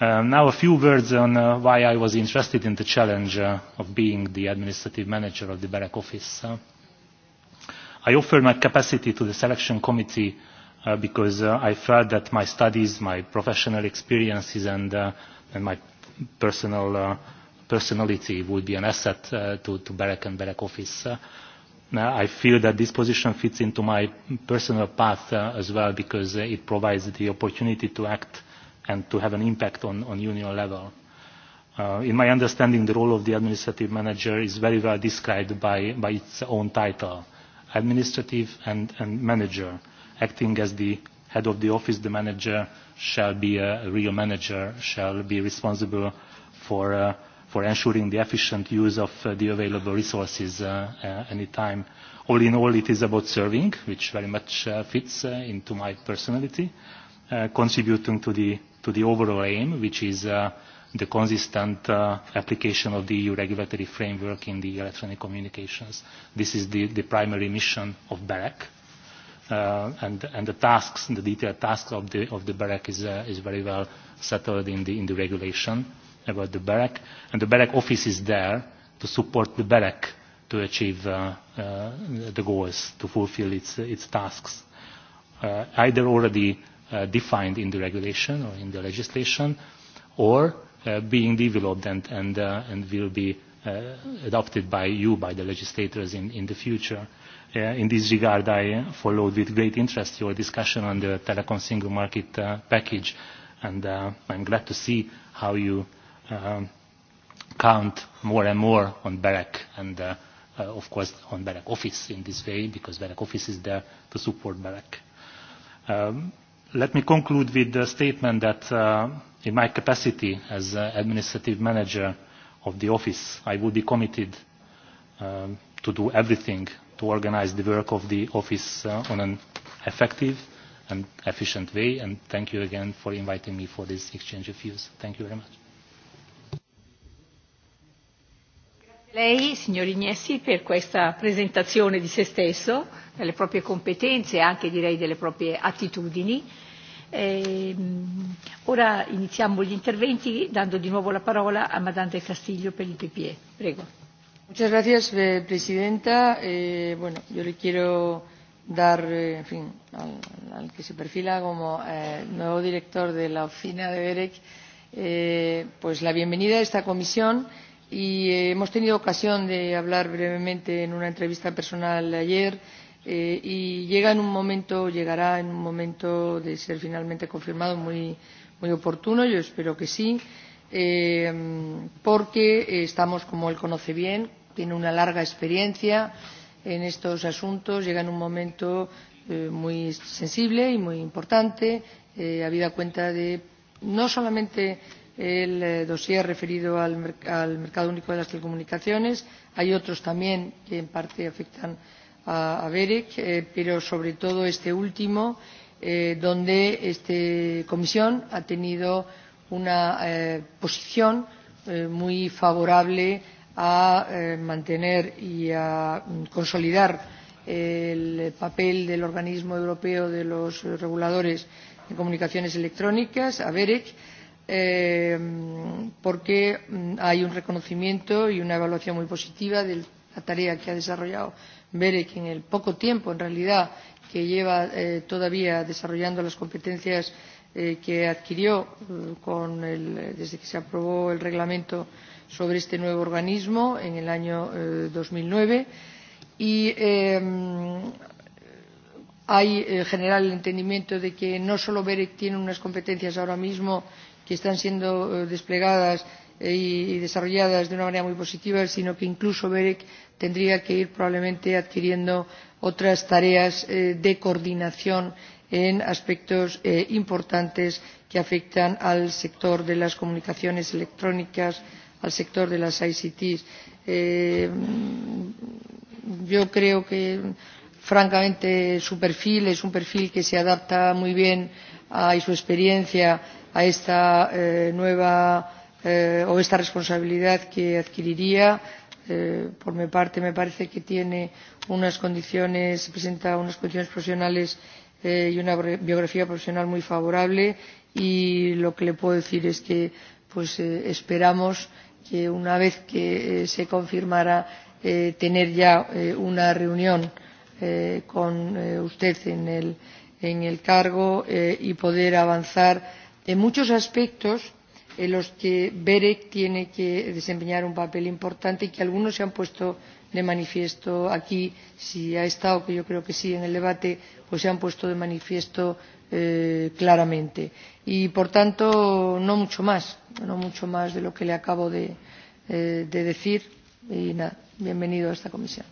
Um, now a few words on uh, why I was interested in the challenge uh, of being the administrative manager of the BEREC office. Uh, I offered my capacity to the selection committee uh, because uh, I felt that my studies, my professional experiences and uh, and my personal uh, personality would be an asset uh, to, to Berek and Berek office. Uh, I feel that this position fits into my personal path uh, as well because uh, it provides the opportunity to act and to have an impact on, on union level. Uh, in my understanding, the role of the administrative manager is very well described by, by its own title, administrative and, and manager, acting as the head of the office, the manager shall be uh, a real manager, shall be responsible for, uh, for ensuring the efficient use of uh, the available resources uh, any time. All in all, it is about serving, which very much fits into my personality, contributing to the, to the overall aim, which is the consistent application of the EU regulatory framework in the electronic communications. This is the, the primary mission of BEREC, uh, and, and the tasks, the detailed tasks of the, of the BEREC is, uh, is very well settled in the, in the regulation about the BEREC. And the BEREC office is there to support the BEREC to achieve uh, uh, the goals, to fulfill its, its tasks. Uh, either already uh, defined in the regulation or in the legislation, or uh, being developed and, and, uh, and will be uh, adopted by you, by the legislators in, in the future Uh, in this regard, I followed with great interest your discussion on the telecom single market uh, package, and uh, I'm glad to see how you um, count more and more on BEREC and, uh, uh, of course, on BEREC office in this way, because BEREC office is there to support BEREC. Um, let me conclude with the statement that uh, in my capacity as uh, administrative manager of the office, I will be committed um, to do everything to organise the work of the office uh, on an effective and efficient way and thank you again for inviting me for this exchange of views. Thank you very much. lei signor Ignessi, per questa presentazione di se stesso, delle proprie competenze e anche direi delle proprie attitudini. E, ora iniziamo gli interventi dando di nuovo la parola a Madame del Castiglio per il PPE. Prego. Señora eh, presidenta. Eh, yo le quiero dar, eh, en fin, al, que se perfila como nuevo director de la oficina de BEREC, pues la bienvenida a esta comisión y hemos tenido ocasión de hablar brevemente en una entrevista personal ayer y llega en un momento, llegará en un momento de ser finalmente confirmado muy, oportuno, yo espero que sí, porque estamos, como él conoce bien, tiene una larga experiencia en estos asuntos llega en un momento eh, muy sensible y muy importante eh, habida cuenta de no solamente el eh, dossier referido al, mercado único de las telecomunicaciones hay otros también que en parte afectan a, BEREC eh, pero sobre todo este último donde esta comisión ha tenido una posición muy favorable a eh, mantener y a mm, consolidar el papel del organismo europeo de los reguladores de comunicaciones electrónicas a BEREC, eh, porque mm, hay un reconocimiento y una evaluación muy positiva de la tarea que ha desarrollado BEREC en el poco tiempo en realidad que lleva eh, todavía desarrollando las competencias que adquirió con el, desde que se aprobó el reglamento sobre este nuevo organismo en el año eh, dos mil nueve y hay eh, general el entendimiento de que no solo BEREC tiene unas competencias ahora mismo que están siendo eh, desplegadas y desarrolladas de una manera muy positiva sino que incluso BEREC tendría que ir probablemente adquiriendo otras tareas de coordinación en aspectos importantes que afectan al sector de las comunicaciones electrónicas al sector de las ict. Eh, yo creo que francamente su perfil es un perfil que se adapta muy bien a, y su experiencia a esta eh, nueva eh, o esta responsabilidad que adquiriría. por mi parte me parece que tiene unas condiciones presenta unas condiciones profesionales y una biografía profesional muy favorable y lo que le puedo decir es que pues, esperamos que una vez que eh, se confirmara eh, tener ya eh, una reunión con usted en el, en el cargo y poder avanzar en muchos aspectos en los que berec tiene que desempeñar un papel importante y que algunos se han puesto de manifiesto aquí si ha estado que yo creo que sí en el debate pues se han puesto de manifiesto Eh, claramente y por tanto no mucho más no mucho más de lo que le acabo de, eh, de decir y nada bienvenido a esta comisión.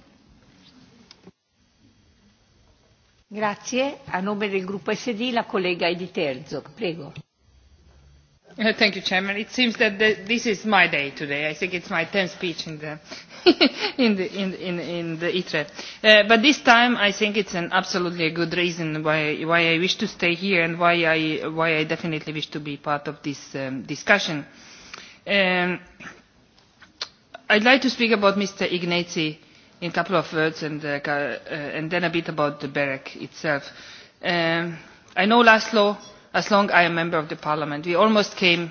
Grazie. A nome del gruppo SD la collega Edith Herzog. Prego. Uh, thank you, Chairman. It seems that this is my day today. I think it's my tenth speech in the, in the, in, in, the ITRE. Uh, but this time I think it's an absolutely a good reason why, why I wish to stay here and why I, why I definitely wish to be part of this um, discussion. Um, I'd like to speak about Mr. Ignazi in a couple of words and, uh, and then a bit about the BEREC itself. Um, I know Laszlo as long as i am a member of the parliament. we almost came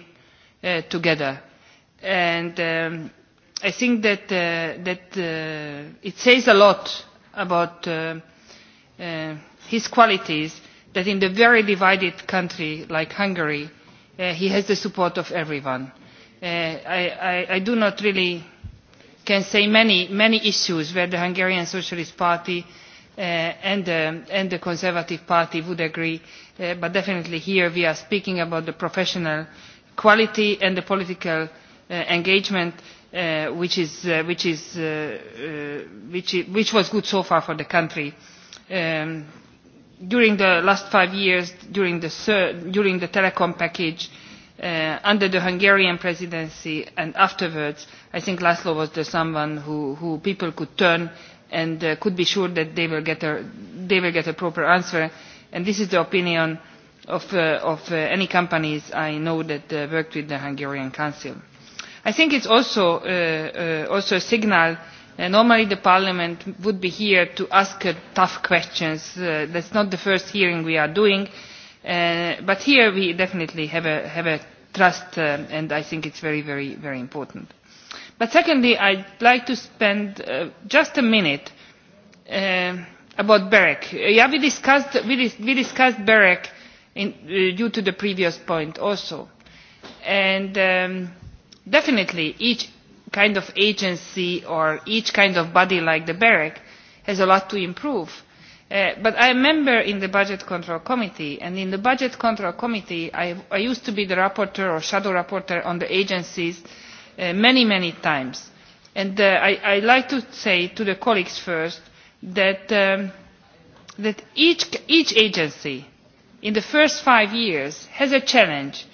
uh, together and um, i think that, uh, that uh, it says a lot about uh, uh, his qualities that in a very divided country like hungary uh, he has the support of everyone. I, I, i do not really can say many, many issues where the hungarian socialist party uh, and, uh, and the Conservative Party would agree, uh, but definitely here we are speaking about the professional quality and the political uh, engagement uh, which, is, uh, which, is, which, which was good so far for the country. Um, during the last five years, during the, during the telecom package, Uh, under the Hungarian presidency and afterwards, I think Laszlo was the someone who, who people could turn and uh, could be sure that they will get a proper answer and this is the opinion of uh, uh, any companies i know that worked with the hungarian council i think it also also a signal normally parliament would be here to ask tough questions is not the first hearing we are doing but here we definitely have a trust um, and i think it very very very important but secondly would like to spend uh, just a minute uh, about berec. we discussed berec uh, due to the previous point also and um, definitely each kind of agency or each kind of body like the berec has a lot to improve but i am a member in the budget control committee and in the budget control committee i, I used to be the rapporteur or shadow rapporteur on the agencies Uh, many many times and uh, i would like to say to the colleagues first that um, each agency in the first five years has a challenge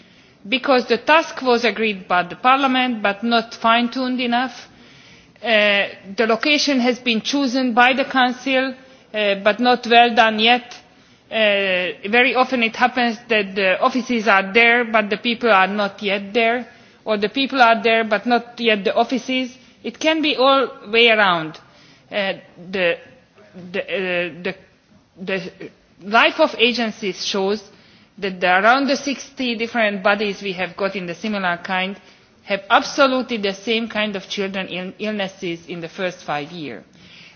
because the task was agreed by parliament but not fine tuned enough uh, the location has been chosen by the council but not well done yet very often it happens that the offices are there but the people are not yet there or the people are there but not yet the offices. It can be all the way around. Uh, the, uh, the, the, life of agencies shows that around the 60 different bodies we have got in the similar kind have absolutely the same kind of children in illnesses in the first five years.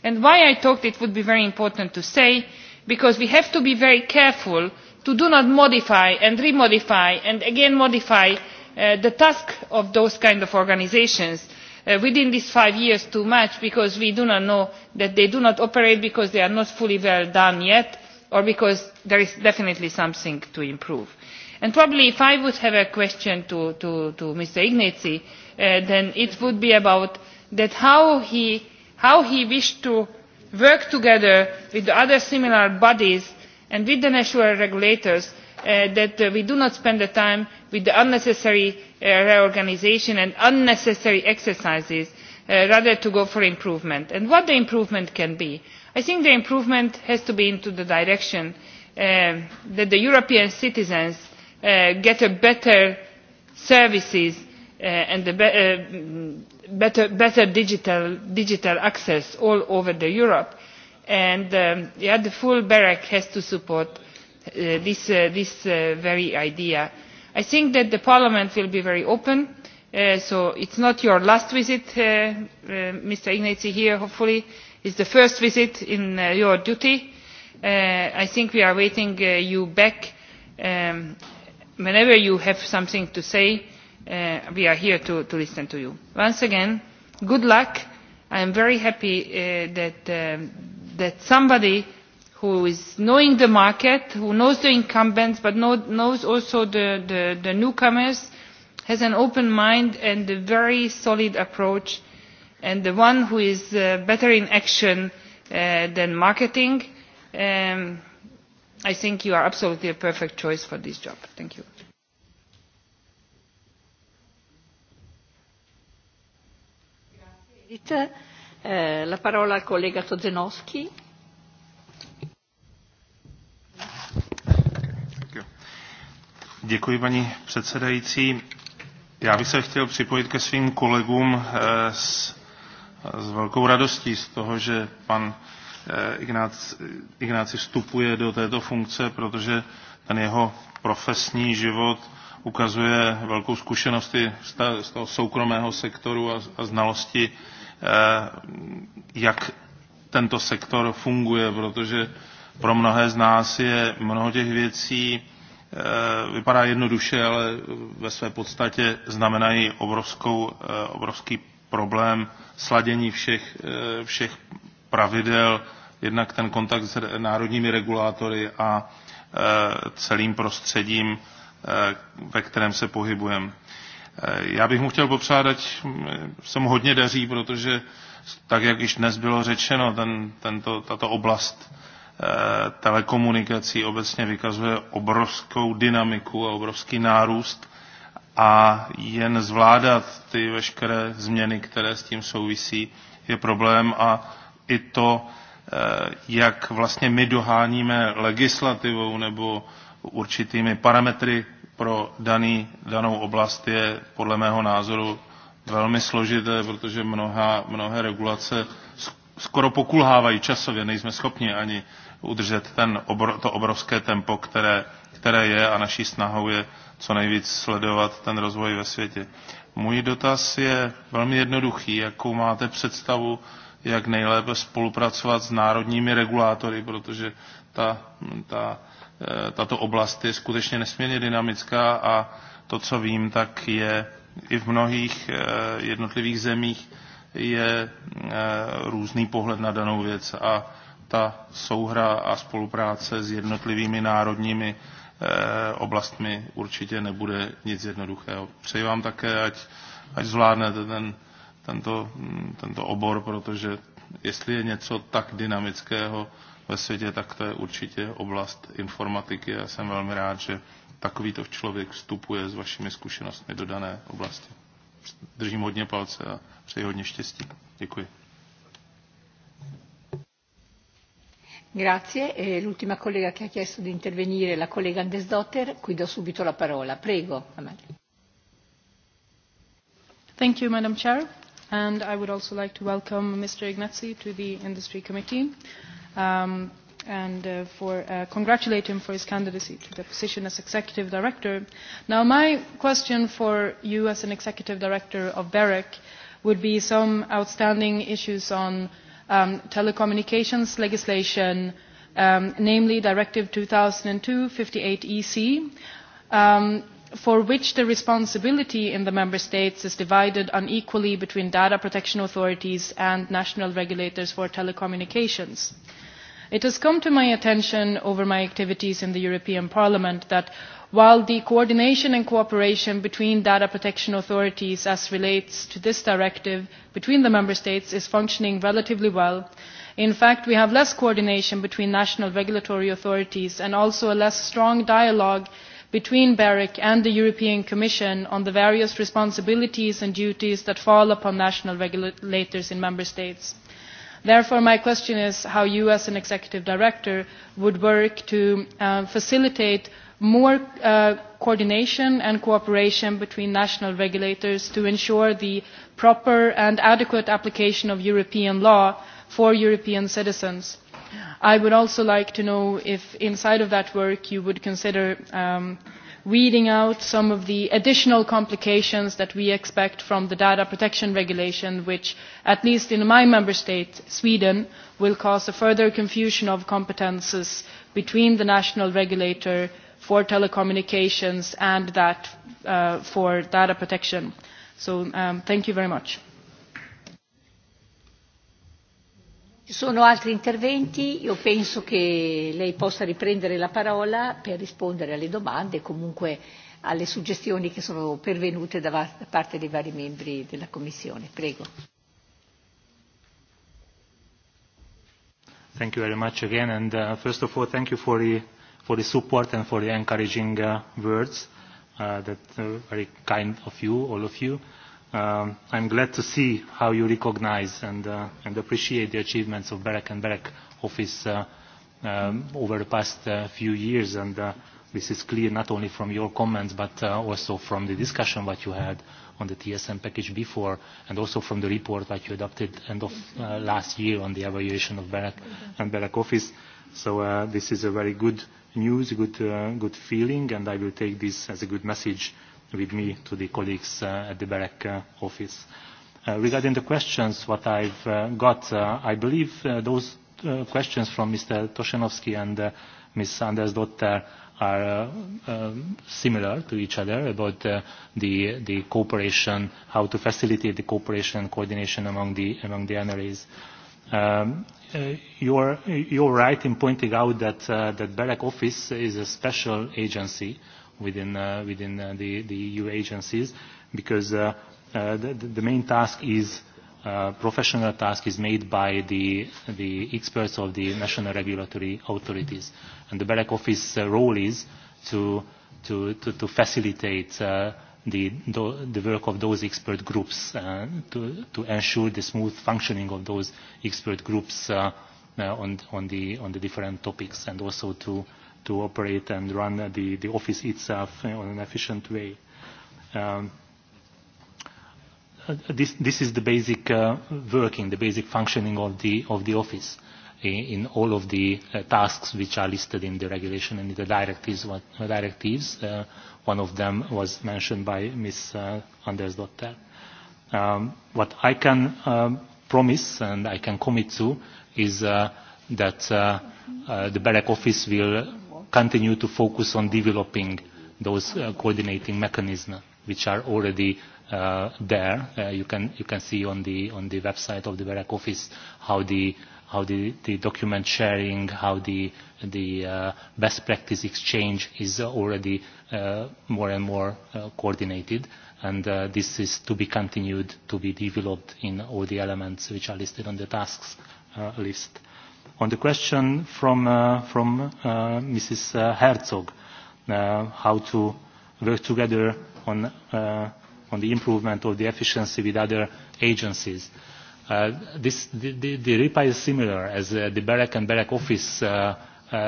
And why I thought it would be very important to say, because we have to be very careful to do not modify and remodify and again modify Uh, the task of those kinds of organisations uh, within these five years too much because we do not know that they do not operate because they are not fully well done yet or because there is definitely something to improve. And probably if I would have a question to, Mr. Ignazi, uh, then it would be about that how he, how he wished to work together with the other similar bodies and with the national regulators that we do not spend the time with the unnecessary uh, reorganisation and unnecessary exercises uh, rather to go for improvement. and what the improvement can be? i think the improvement has to be in the direction uh, that the european citizens get better services and better, better digital, digital access all over Europe. And um, the full BEREC has to support this, this very idea i think that the parliament will be very open uh, so it is not your last visit uh, uh, mr ignacy here hopefully it is the first visit in your duty. i think we are waiting you back um, whenever you have something to say we are here to, listen to you. once again good luck. i am very happy that, um, that somebody who is knowing the market, who knows the incumbents but knows also the, the, the newcomers, has an open mind and a very solid approach and the one who is uh, better in action uh, than marketing, um, I think you are absolutely a perfect choice for this job. Thank you. Eh, la parola al collega Tozenowski. Děkuji, paní předsedající. Já bych se chtěl připojit ke svým kolegům eh, s, s velkou radostí z toho, že pan eh, Ignáci vstupuje do této funkce, protože ten jeho profesní život ukazuje velkou zkušenost z toho soukromého sektoru a, a znalosti, eh, jak tento sektor funguje, protože pro mnohé z nás je mnoho těch věcí Eh, vypadá jednoduše, ale ve své podstatě znamenají obrovskou, eh, obrovský problém sladění všech, eh, všech pravidel, jednak ten kontakt s národními regulátory a celým prostředím, ve kterém se pohybujeme. Já bych mu chtěl popřát, ať se mu hodně daří, protože tak, jak již dnes bylo řečeno, ten, tento, tato oblast Eh, telekomunikací obecně vykazuje obrovskou dynamiku a obrovský nárůst a jen zvládat ty veškeré změny, které s tím souvisí, je problém a i to, eh, jak vlastně my doháníme legislativou nebo určitými parametry pro daný, danou oblast je podle mého názoru velmi složité, protože mnoha, mnohé regulace skoro pokulhávají časově, nejsme schopni ani udržet ten, to obrovské tempo, které, které je a naší snahou je co nejvíc sledovat ten rozvoj ve světě. Můj dotaz je velmi jednoduchý. Jakou máte představu, jak nejlépe spolupracovat s národními regulátory, protože ta, ta, eh, tato oblast je skutečně nesmírně dynamická a to, co vím, tak je i v mnohých eh, jednotlivých zemích je eh, různý pohled na danou věc a ta souhra a spolupráce s jednotlivými národními eh, oblastmi určitě nebude nic jednoduchého. Přeji vám také, ať, ať zvládnete ten, tento, mm, tento obor, protože jestli je něco tak dynamického ve světě, tak to je určitě oblast informatiky. Já jsem velmi rád, že takovýto člověk vstupuje s vašimi zkušenostmi do dané oblasti. Držím hodně palce a přeji hodně štěstí. Děkuji. Grazie. E l'ultima collega che ha chiesto di intervenire, la collega Desdoter, qui do subito la parola. Prego. Thank you, Madam Chair. And I would also like to welcome Mr. Ignazzi to the Industry Committee um, and uh, for, uh, congratulate him for his candidacy to the position as Executive Director. Now, my question for you as an Executive Director of BEREC would be some outstanding issues on Um, telecommunications legislation, um, namely Directive 2002-58 EC, um, for which the responsibility in the member states is divided unequally between data protection authorities and national regulators for telecommunications. It has come to my attention over my activities in the European Parliament that while the coordination and cooperation between data protection authorities as relates to this directive between the member states is functioning relatively well in fact we have less coordination between national regulatory authorities and also a less strong dialogue between berec and the european commission on the various responsibilities and duties that fall upon national regulators in member states therefore my question is how you as an executive director would work to uh, facilitate more uh, coordination and cooperation between national regulators to ensure the proper and adequate application of european law for european citizens. i would also like to know if inside of that work you would consider um, weeding out some of the additional complications that we expect from the data protection regulation which at least in my member state sweden will cause a further confusion of competences between the national regulator for telecommunications and that uh, for data protection. So um, thank you very much. Ci sono altri interventi, io penso che lei possa riprendere la parola per rispondere alle domande e comunque alle suggestioni che sono pervenute da, da parte dei vari membri della Commissione. Prego. Thank you very much again and uh, first of all thank you for the for the support and for the encouraging uh, words uh, that uh, very kind of you, all of you. Um, I'm glad to see how you recognize and, uh, and appreciate the achievements of Berek and Berek office uh, um, over the past uh, few years. And uh, this is clear not only from your comments, but uh, also from the discussion that you had on the TSM package before, and also from the report that you adopted end of uh, last year on the evaluation of Berek and Berek office. So uh, this is a very good news, good, uh, good feeling, and I will take this as a good message with me to the colleagues uh, at the BEREC uh, office. Uh, regarding the questions what I've uh, got, uh, I believe uh, those uh, questions from Mr. Toshenovsky and uh, Ms. Anders Dotter are uh, um, similar to each other about uh, the, the cooperation, how to facilitate the cooperation and coordination among the, among the NRAs. Uh, Um, uh, you are you're, right in pointing out that, uh, that BEREC office is a special agency within, uh, within uh, the, the EU agencies because uh, uh, the, the main task is uh, professional task is made by the, the experts of the national regulatory authorities. And the BEREC office role is to, to, to, to facilitate uh, the, the work of those expert groups uh, to, to ensure the smooth functioning of those expert groups uh, uh on, on, the, on the different topics and also to, to operate and run the, the office itself in uh, an efficient way. Um, uh, this, this is the basic uh, working, the basic functioning of the, of the office in all of the uh, tasks which are listed in the regulation and in the directives. One, directives. Uh, one of them was mentioned by Ms. Uh, Dotter. Um, what I can um, promise and I can commit to is uh, that uh, uh, the BEREC office will continue to focus on developing those uh, coordinating mechanisms which are already uh, there. Uh, you, can, you can see on the, on the website of the BEREC office how the how the, the document sharing, how the, the uh, best practice exchange is already uh, more and more uh, coordinated. And uh, this is to be continued, to be developed in all the elements which are listed on the tasks uh, list. On the question from, uh, from uh, Mrs. Uh, Herzog, uh, how to work together on, uh, on the improvement of the efficiency with other agencies. Uh, this, the, the, the RIPA is similar as uh, the BEREC and BEREC office uh,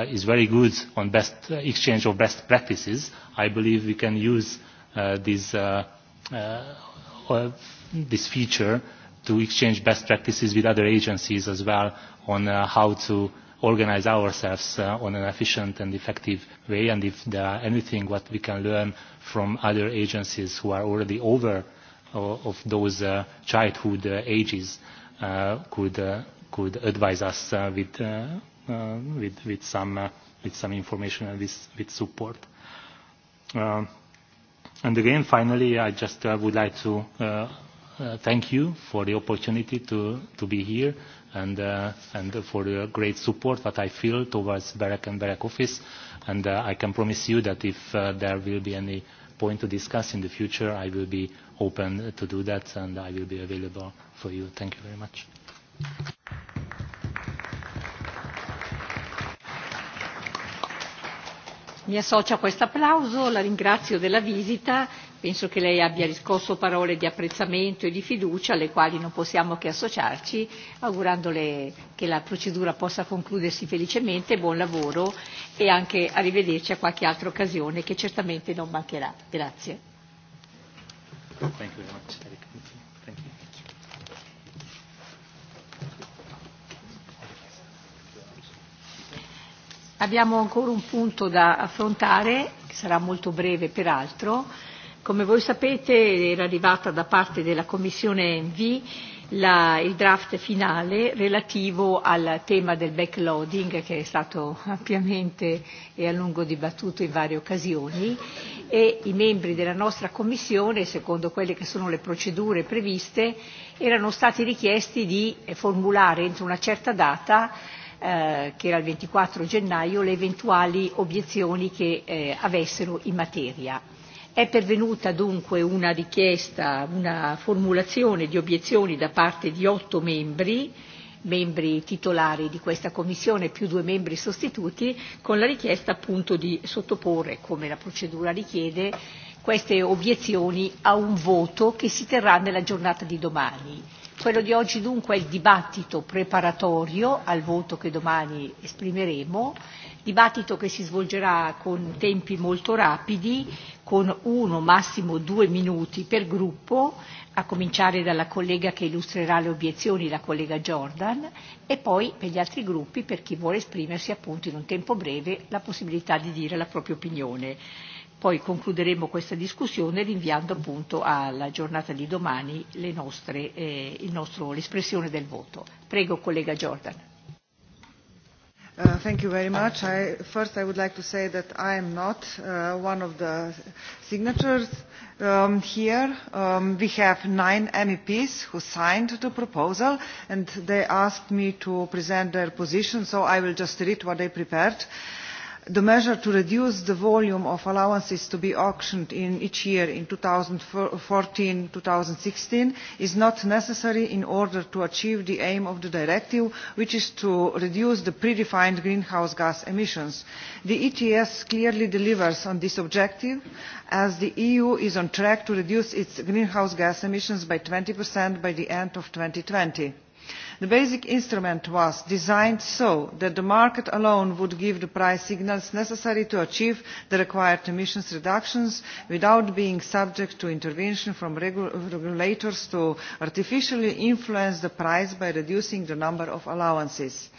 is very good on best exchange of best practices. I believe we can use this, uh, this feature to exchange best practices with other agencies as well on how to organize ourselves on an efficient and effective way and if there are anything what we can learn from other agencies who are already over of those uh, childhood uh, ages uh, could uh, could advise us uh, with, uh, uh, with with some uh, with some information and with with support. Uh, and again, finally, I just uh, would like to uh, uh, thank you for the opportunity to to be here and uh, and for the great support that I feel towards Berek and Berek office. And uh, I can promise you that if uh, there will be any point to discuss in the future, I will be open to do that and I will be available for you. Thank you very much. Mi associo a questo applauso, la ringrazio della visita penso che lei abbia riscosso parole di apprezzamento e di fiducia alle quali non possiamo che associarci augurandole che la procedura possa concludersi felicemente buon lavoro e anche arrivederci a qualche altra occasione che certamente non mancherà grazie Abbiamo ancora un punto da affrontare che sarà molto breve peraltro Come voi sapete era arrivata da parte della Commissione ENVI la, il draft finale relativo al tema del backloading che è stato ampiamente e a lungo dibattuto in varie occasioni e i membri della nostra Commissione, secondo quelle che sono le procedure previste, erano stati richiesti di formulare entro una certa data eh, che era il 24 gennaio, le eventuali obiezioni che eh, avessero in materia È pervenuta dunque una richiesta, una formulazione di obiezioni da parte di otto membri, membri titolari di questa Commissione più due membri sostituti, con la richiesta appunto di sottoporre, come la procedura richiede, queste obiezioni a un voto che si terrà nella giornata di domani. Quello di oggi dunque è il dibattito preparatorio al voto che domani esprimeremo dibattito che si svolgerà con tempi molto rapidi, con uno, massimo due minuti per gruppo, a cominciare dalla collega che illustrerà le obiezioni, la collega Jordan, e poi per gli altri gruppi, per chi vuole esprimersi appunto in un tempo breve, la possibilità di dire la propria opinione. Poi concluderemo questa discussione rinviando appunto alla giornata di domani le eh, il nostro, l'espressione del voto. Prego collega Jordan. Uh, thank you very much. I, first, I would like to say that I am not uh, one of the signatures um, here. Um, we have nine MEPs who signed the proposal, and they asked me to present their position, so I will just read what they prepared the measure to reduce the volume of allowances to be auctioned in each year in 2014 2016 is not necessary in order to achieve the aim of the directive which is to reduce the predefined greenhouse gas emissions. the ets clearly delivers on this objective as the eu is on track to reduce its greenhouse gas emissions by 20 by the end of 2020 the basic instrument was designed so that the market alone would give the price signals necessary to achieve the required emissions reductions without being subject to intervention from regulators to artificially influence the price by reducing the number of allowances.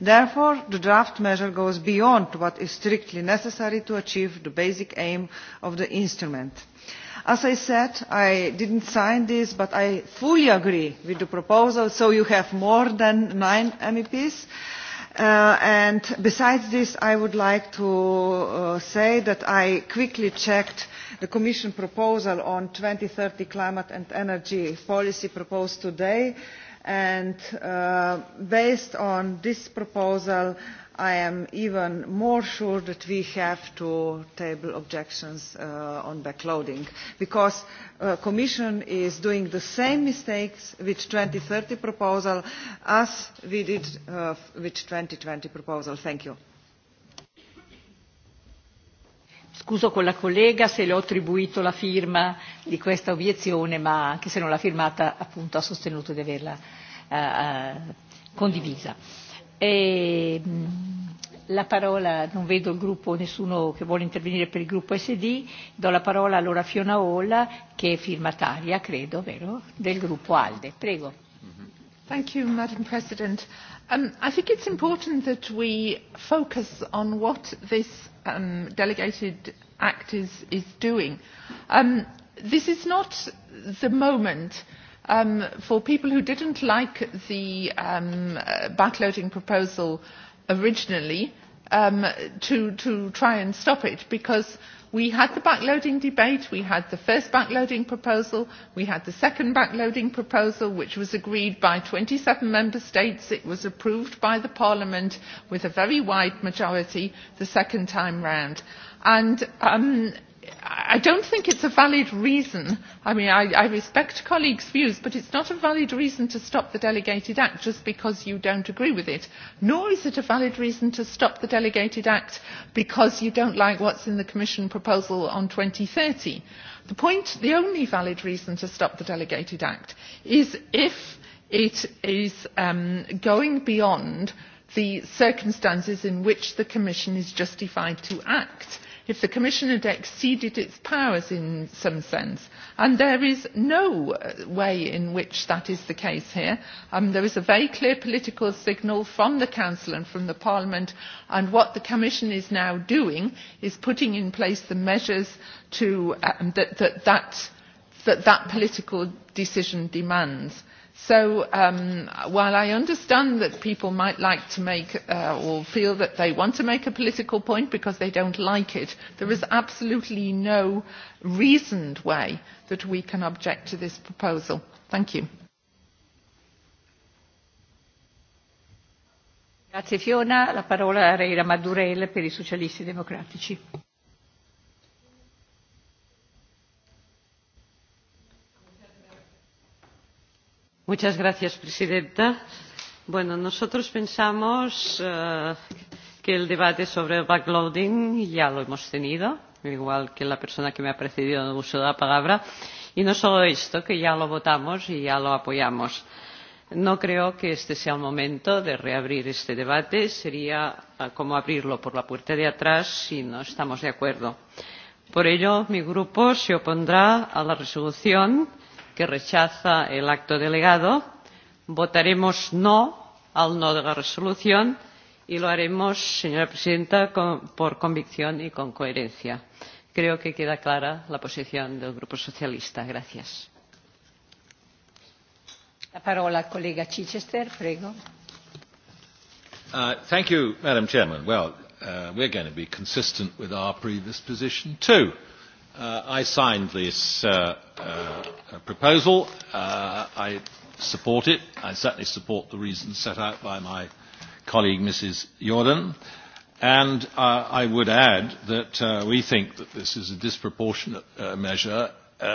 therefore the draft measure goes beyond what is strictly necessary to achieve the basic aim of the instrument as i said i did not sign this but i fully agree with the proposal so you have more than nine meps. Uh, and besides this i would like to uh, say that i quickly checked the commission proposal on two thirty climate and energy policy proposed today and uh, based on this proposal i am even more sure that we have to table objections uh, on backloading because the uh, Commission is doing the same mistakes with the 2030 proposal as we did uh, with the 2020 proposal. Thank you. Scuso con la collega se le ho attribuito la firma di questa obiezione, ma anche se non l'ha firmata appunto ha sostenuto di averla eh, eh, condivisa. E, mm, la parola non vedo il gruppo nessuno che vuole intervenire per il gruppo SD do la parola allora a Fiona Hall che è firmataria credo vero del gruppo ALDE prego Thank you Madam President um, I think it's important that we focus on what this um, delegated act is is doing um, this is not the moment Um, for people who didn't like the um, uh, backloading proposal originally, um, to, try and stop it because we had the backloading debate, we had the first backloading proposal, we had the second backloading proposal which was agreed by 27 member states, it was approved by the parliament with a very wide majority the second time round. And i don't think it's a valid reason. I mean, I, respect colleagues' views, but it's not a valid reason to stop the Delegated Act just because you don't agree with it. Nor is it a valid reason to stop the Delegated Act because you don't like what's in the Commission proposal on 2030. The point, the only valid reason to stop the Delegated Act is if it is um, going beyond the circumstances in which the Commission is justified to act if the commission had exceeded its powers in some sense and there is no uh, way in which that is the case here. Um, there is a very clear political signal from the council and from the parliament and what the commission is now doing is putting in place the measures to, um, that, that, that that political decision demands So um, while I understand that people might like to make uh, or feel that they want to make a political point because they don't like it, there is absolutely no reasoned way that we can object to this proposal. Thank you. Grazie Fiona, la parola a per i socialisti democratici. señora presidenta bueno, nosotros pensamos eh, que el debate sobre el backloading ya lo hemos tenido igual que la persona que me ha precedido en el uso de la palabra y no solo esto que ya lo votamos y ya lo apoyamos. no creo que este sea el momento de reabrir este debate sería eh, como abrirlo por la puerta de atrás si no estamos de acuerdo. por ello mi grupo se opondrá a la resolución que rechaza el acto delegado. Votaremos no al no de la resolución y lo haremos, señora presidenta, con, por convicción y con coherencia. Creo que queda clara la posición del Grupo Socialista. Gracias. La parola, colega Chichester, prego. Uh, thank you, Madam Chairman. Well, uh, we're going to be consistent with our previous position too. Uh, I signed this uh, uh, proposal. Uh, I support it. I certainly support the reasons set out by my colleague Mrs. Jordan. And uh, I would add that uh, we think that this is a disproportionate measure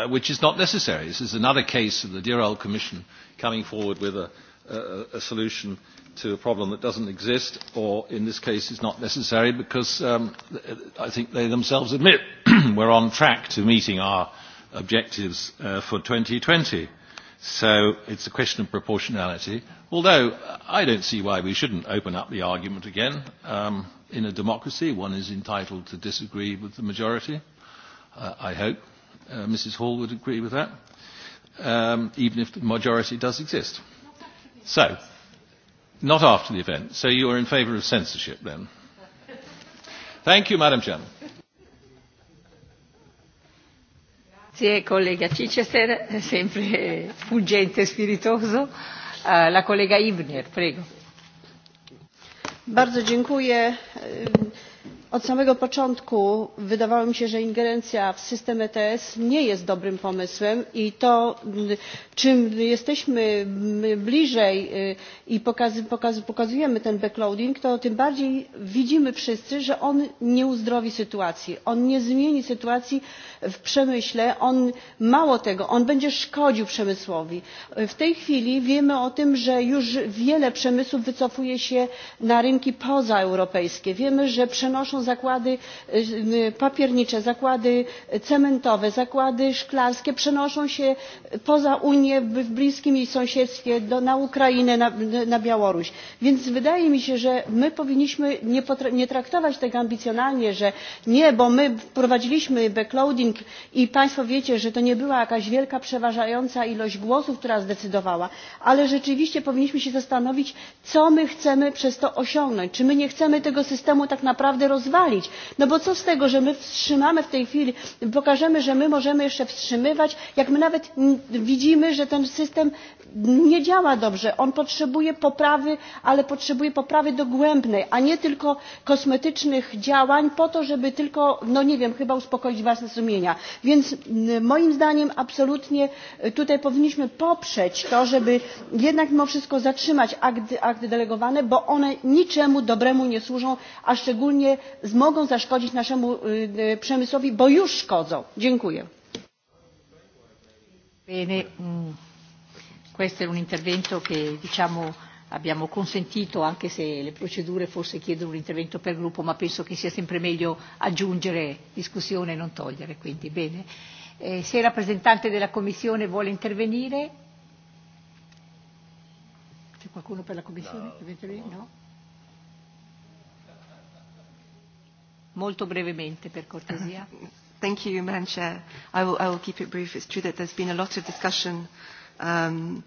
which is not necessary. This is another case of the dear old Commission coming forward with a Uh, a solution to a problem that doesn't exist or in this case is not necessary because um, I think they themselves admit we're on track to meeting our objectives uh, for 2020. So it's a question of proportionality, although I don't see why we shouldn't open up the argument again. Um, in a democracy, one is entitled to disagree with the majority. Uh, I hope uh, Mrs. Hall would agree with that, um, even if the majority does exist. So, not after the event. So you are in favour of censorship then? Thank you, Madam Chairman. Grazie collega Cicester, sempre fuggente e spiritoso. Eh, la collega Ibner, prego. Bardzo dziękuję od samego początku wydawało mi się że ingerencja w system ets nie jest dobrym pomysłem i to czym jesteśmy bliżej i pokazujemy ten backloading to tym bardziej widzimy wszyscy że on nie uzdrowi sytuacji on nie zmieni sytuacji w przemyśle on mało tego on będzie szkodził przemysłowi. w tej chwili wiemy o tym że już wiele przemysłów wycofuje się na rynki pozaeuropejskie wiemy że przenoszą zakłady e, papiernicze zakłady cementowe zakłady szklarskie przenoszą się poza unię w bliskim jej sąsiedztwie na ukrainę na białoruś więc wydaje mi się że my powinniśmy nie traktować tego ambicjonalnie że nie bo my wprowadziliśmy backloading i państwo wiecie że to nie była jakaś wielka przeważająca ilość głosów która zdecydowała ale rzeczywiście powinniśmy się zastanowić co my chcemy przez to osiągnąć czy my nie chcemy tego systemu tak naprawdę rozwalić no bo co z tego że my wstrzymamy w tej chwili pokażemy że my możemy jeszcze wstrzymywać jak my nawet widzimy że ten system nie działa dobrze on potrzebuje poprawy ale potrzebuje poprawy dogłębnej a nie tylko kosmetycznych działań po to żeby tylko no nie wiem chyba uspokoić własne sumienia więc moim zdaniem absolutnie e, tutaj powinniśmy poprzeć to żeby jednak mimo wszystko zatrzymać akty, akty delegowane bo one niczemu dobremu nie służą a szczególnie mogą zaszkodzić naszemu przemysłowi bo już szkodzą. dziękuję. Bene, mm, questo è un intervento che diciamo abbiamo consentito anche se le procedure forse chiedono un intervento per gruppo ma penso che sia sempre meglio aggiungere discussione e non togliere quindi bene. Eh, se il rappresentante della commissione vuole intervenire c'è qualcuno per la commissione? No. molto brevemente per cortesia. Thank you, Madam Chair. I will, I will keep it brief. It's true that there's been a lot of discussion um,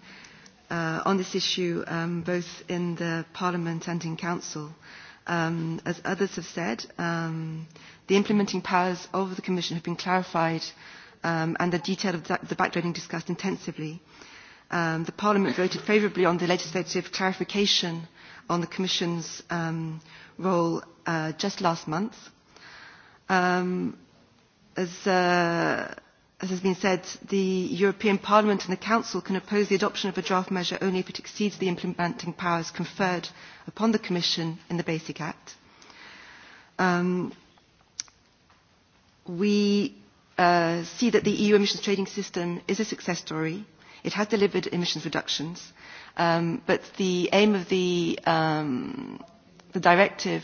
uh, on this issue, um, both in the Parliament and in Council. Um, as others have said, um, the implementing powers of the Commission have been clarified um, and the detail of the backloading discussed intensively. Um, the Parliament voted favourably on the legislative clarification on the Commission's um, role uh, just last month. Um, as, uh, as has been said, the European Parliament and the Council can oppose the adoption of a draft measure only if it exceeds the implementing powers conferred upon the Commission in the Basic Act. Um, we uh, see that the EU emissions trading system is a success story. It has delivered emissions reductions, um, but the aim of the, um, the directive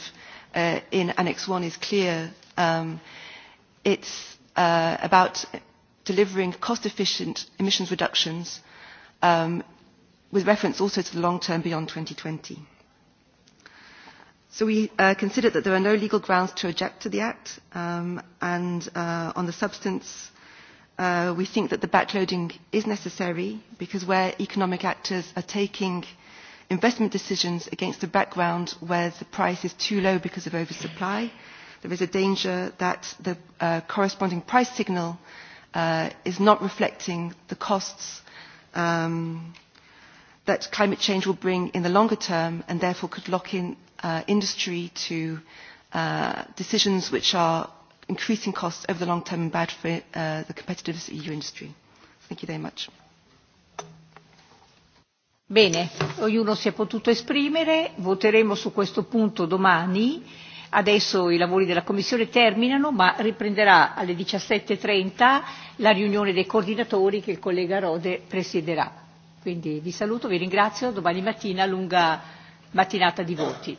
uh, in Annex 1 is clear Um, it's uh, about delivering cost-efficient emissions reductions um, with reference also to the long term beyond 2020. So we uh, considered that there are no legal grounds to object to the Act, um, and uh, on the substance, uh, we think that the backloading is necessary because where economic actors are taking investment decisions against a background where the price is too low because of oversupply, there is a danger that the uh, corresponding price signal uh, is not reflecting the costs um, that climate change will bring in the longer term and therefore could lock in uh, industry to decisions which are increasing costs over the long term and bad for the competitiveness of EU e industry. Thank you very much. Bene, ognuno si è potuto esprimere, voteremo su questo punto domani adesso i lavori della Commissione terminano, ma riprenderà alle 17.30 e la riunione dei coordinatori che il collega Rode presiderà. Quindi vi saluto, vi ringrazio, domani mattina lunga mattinata di voti.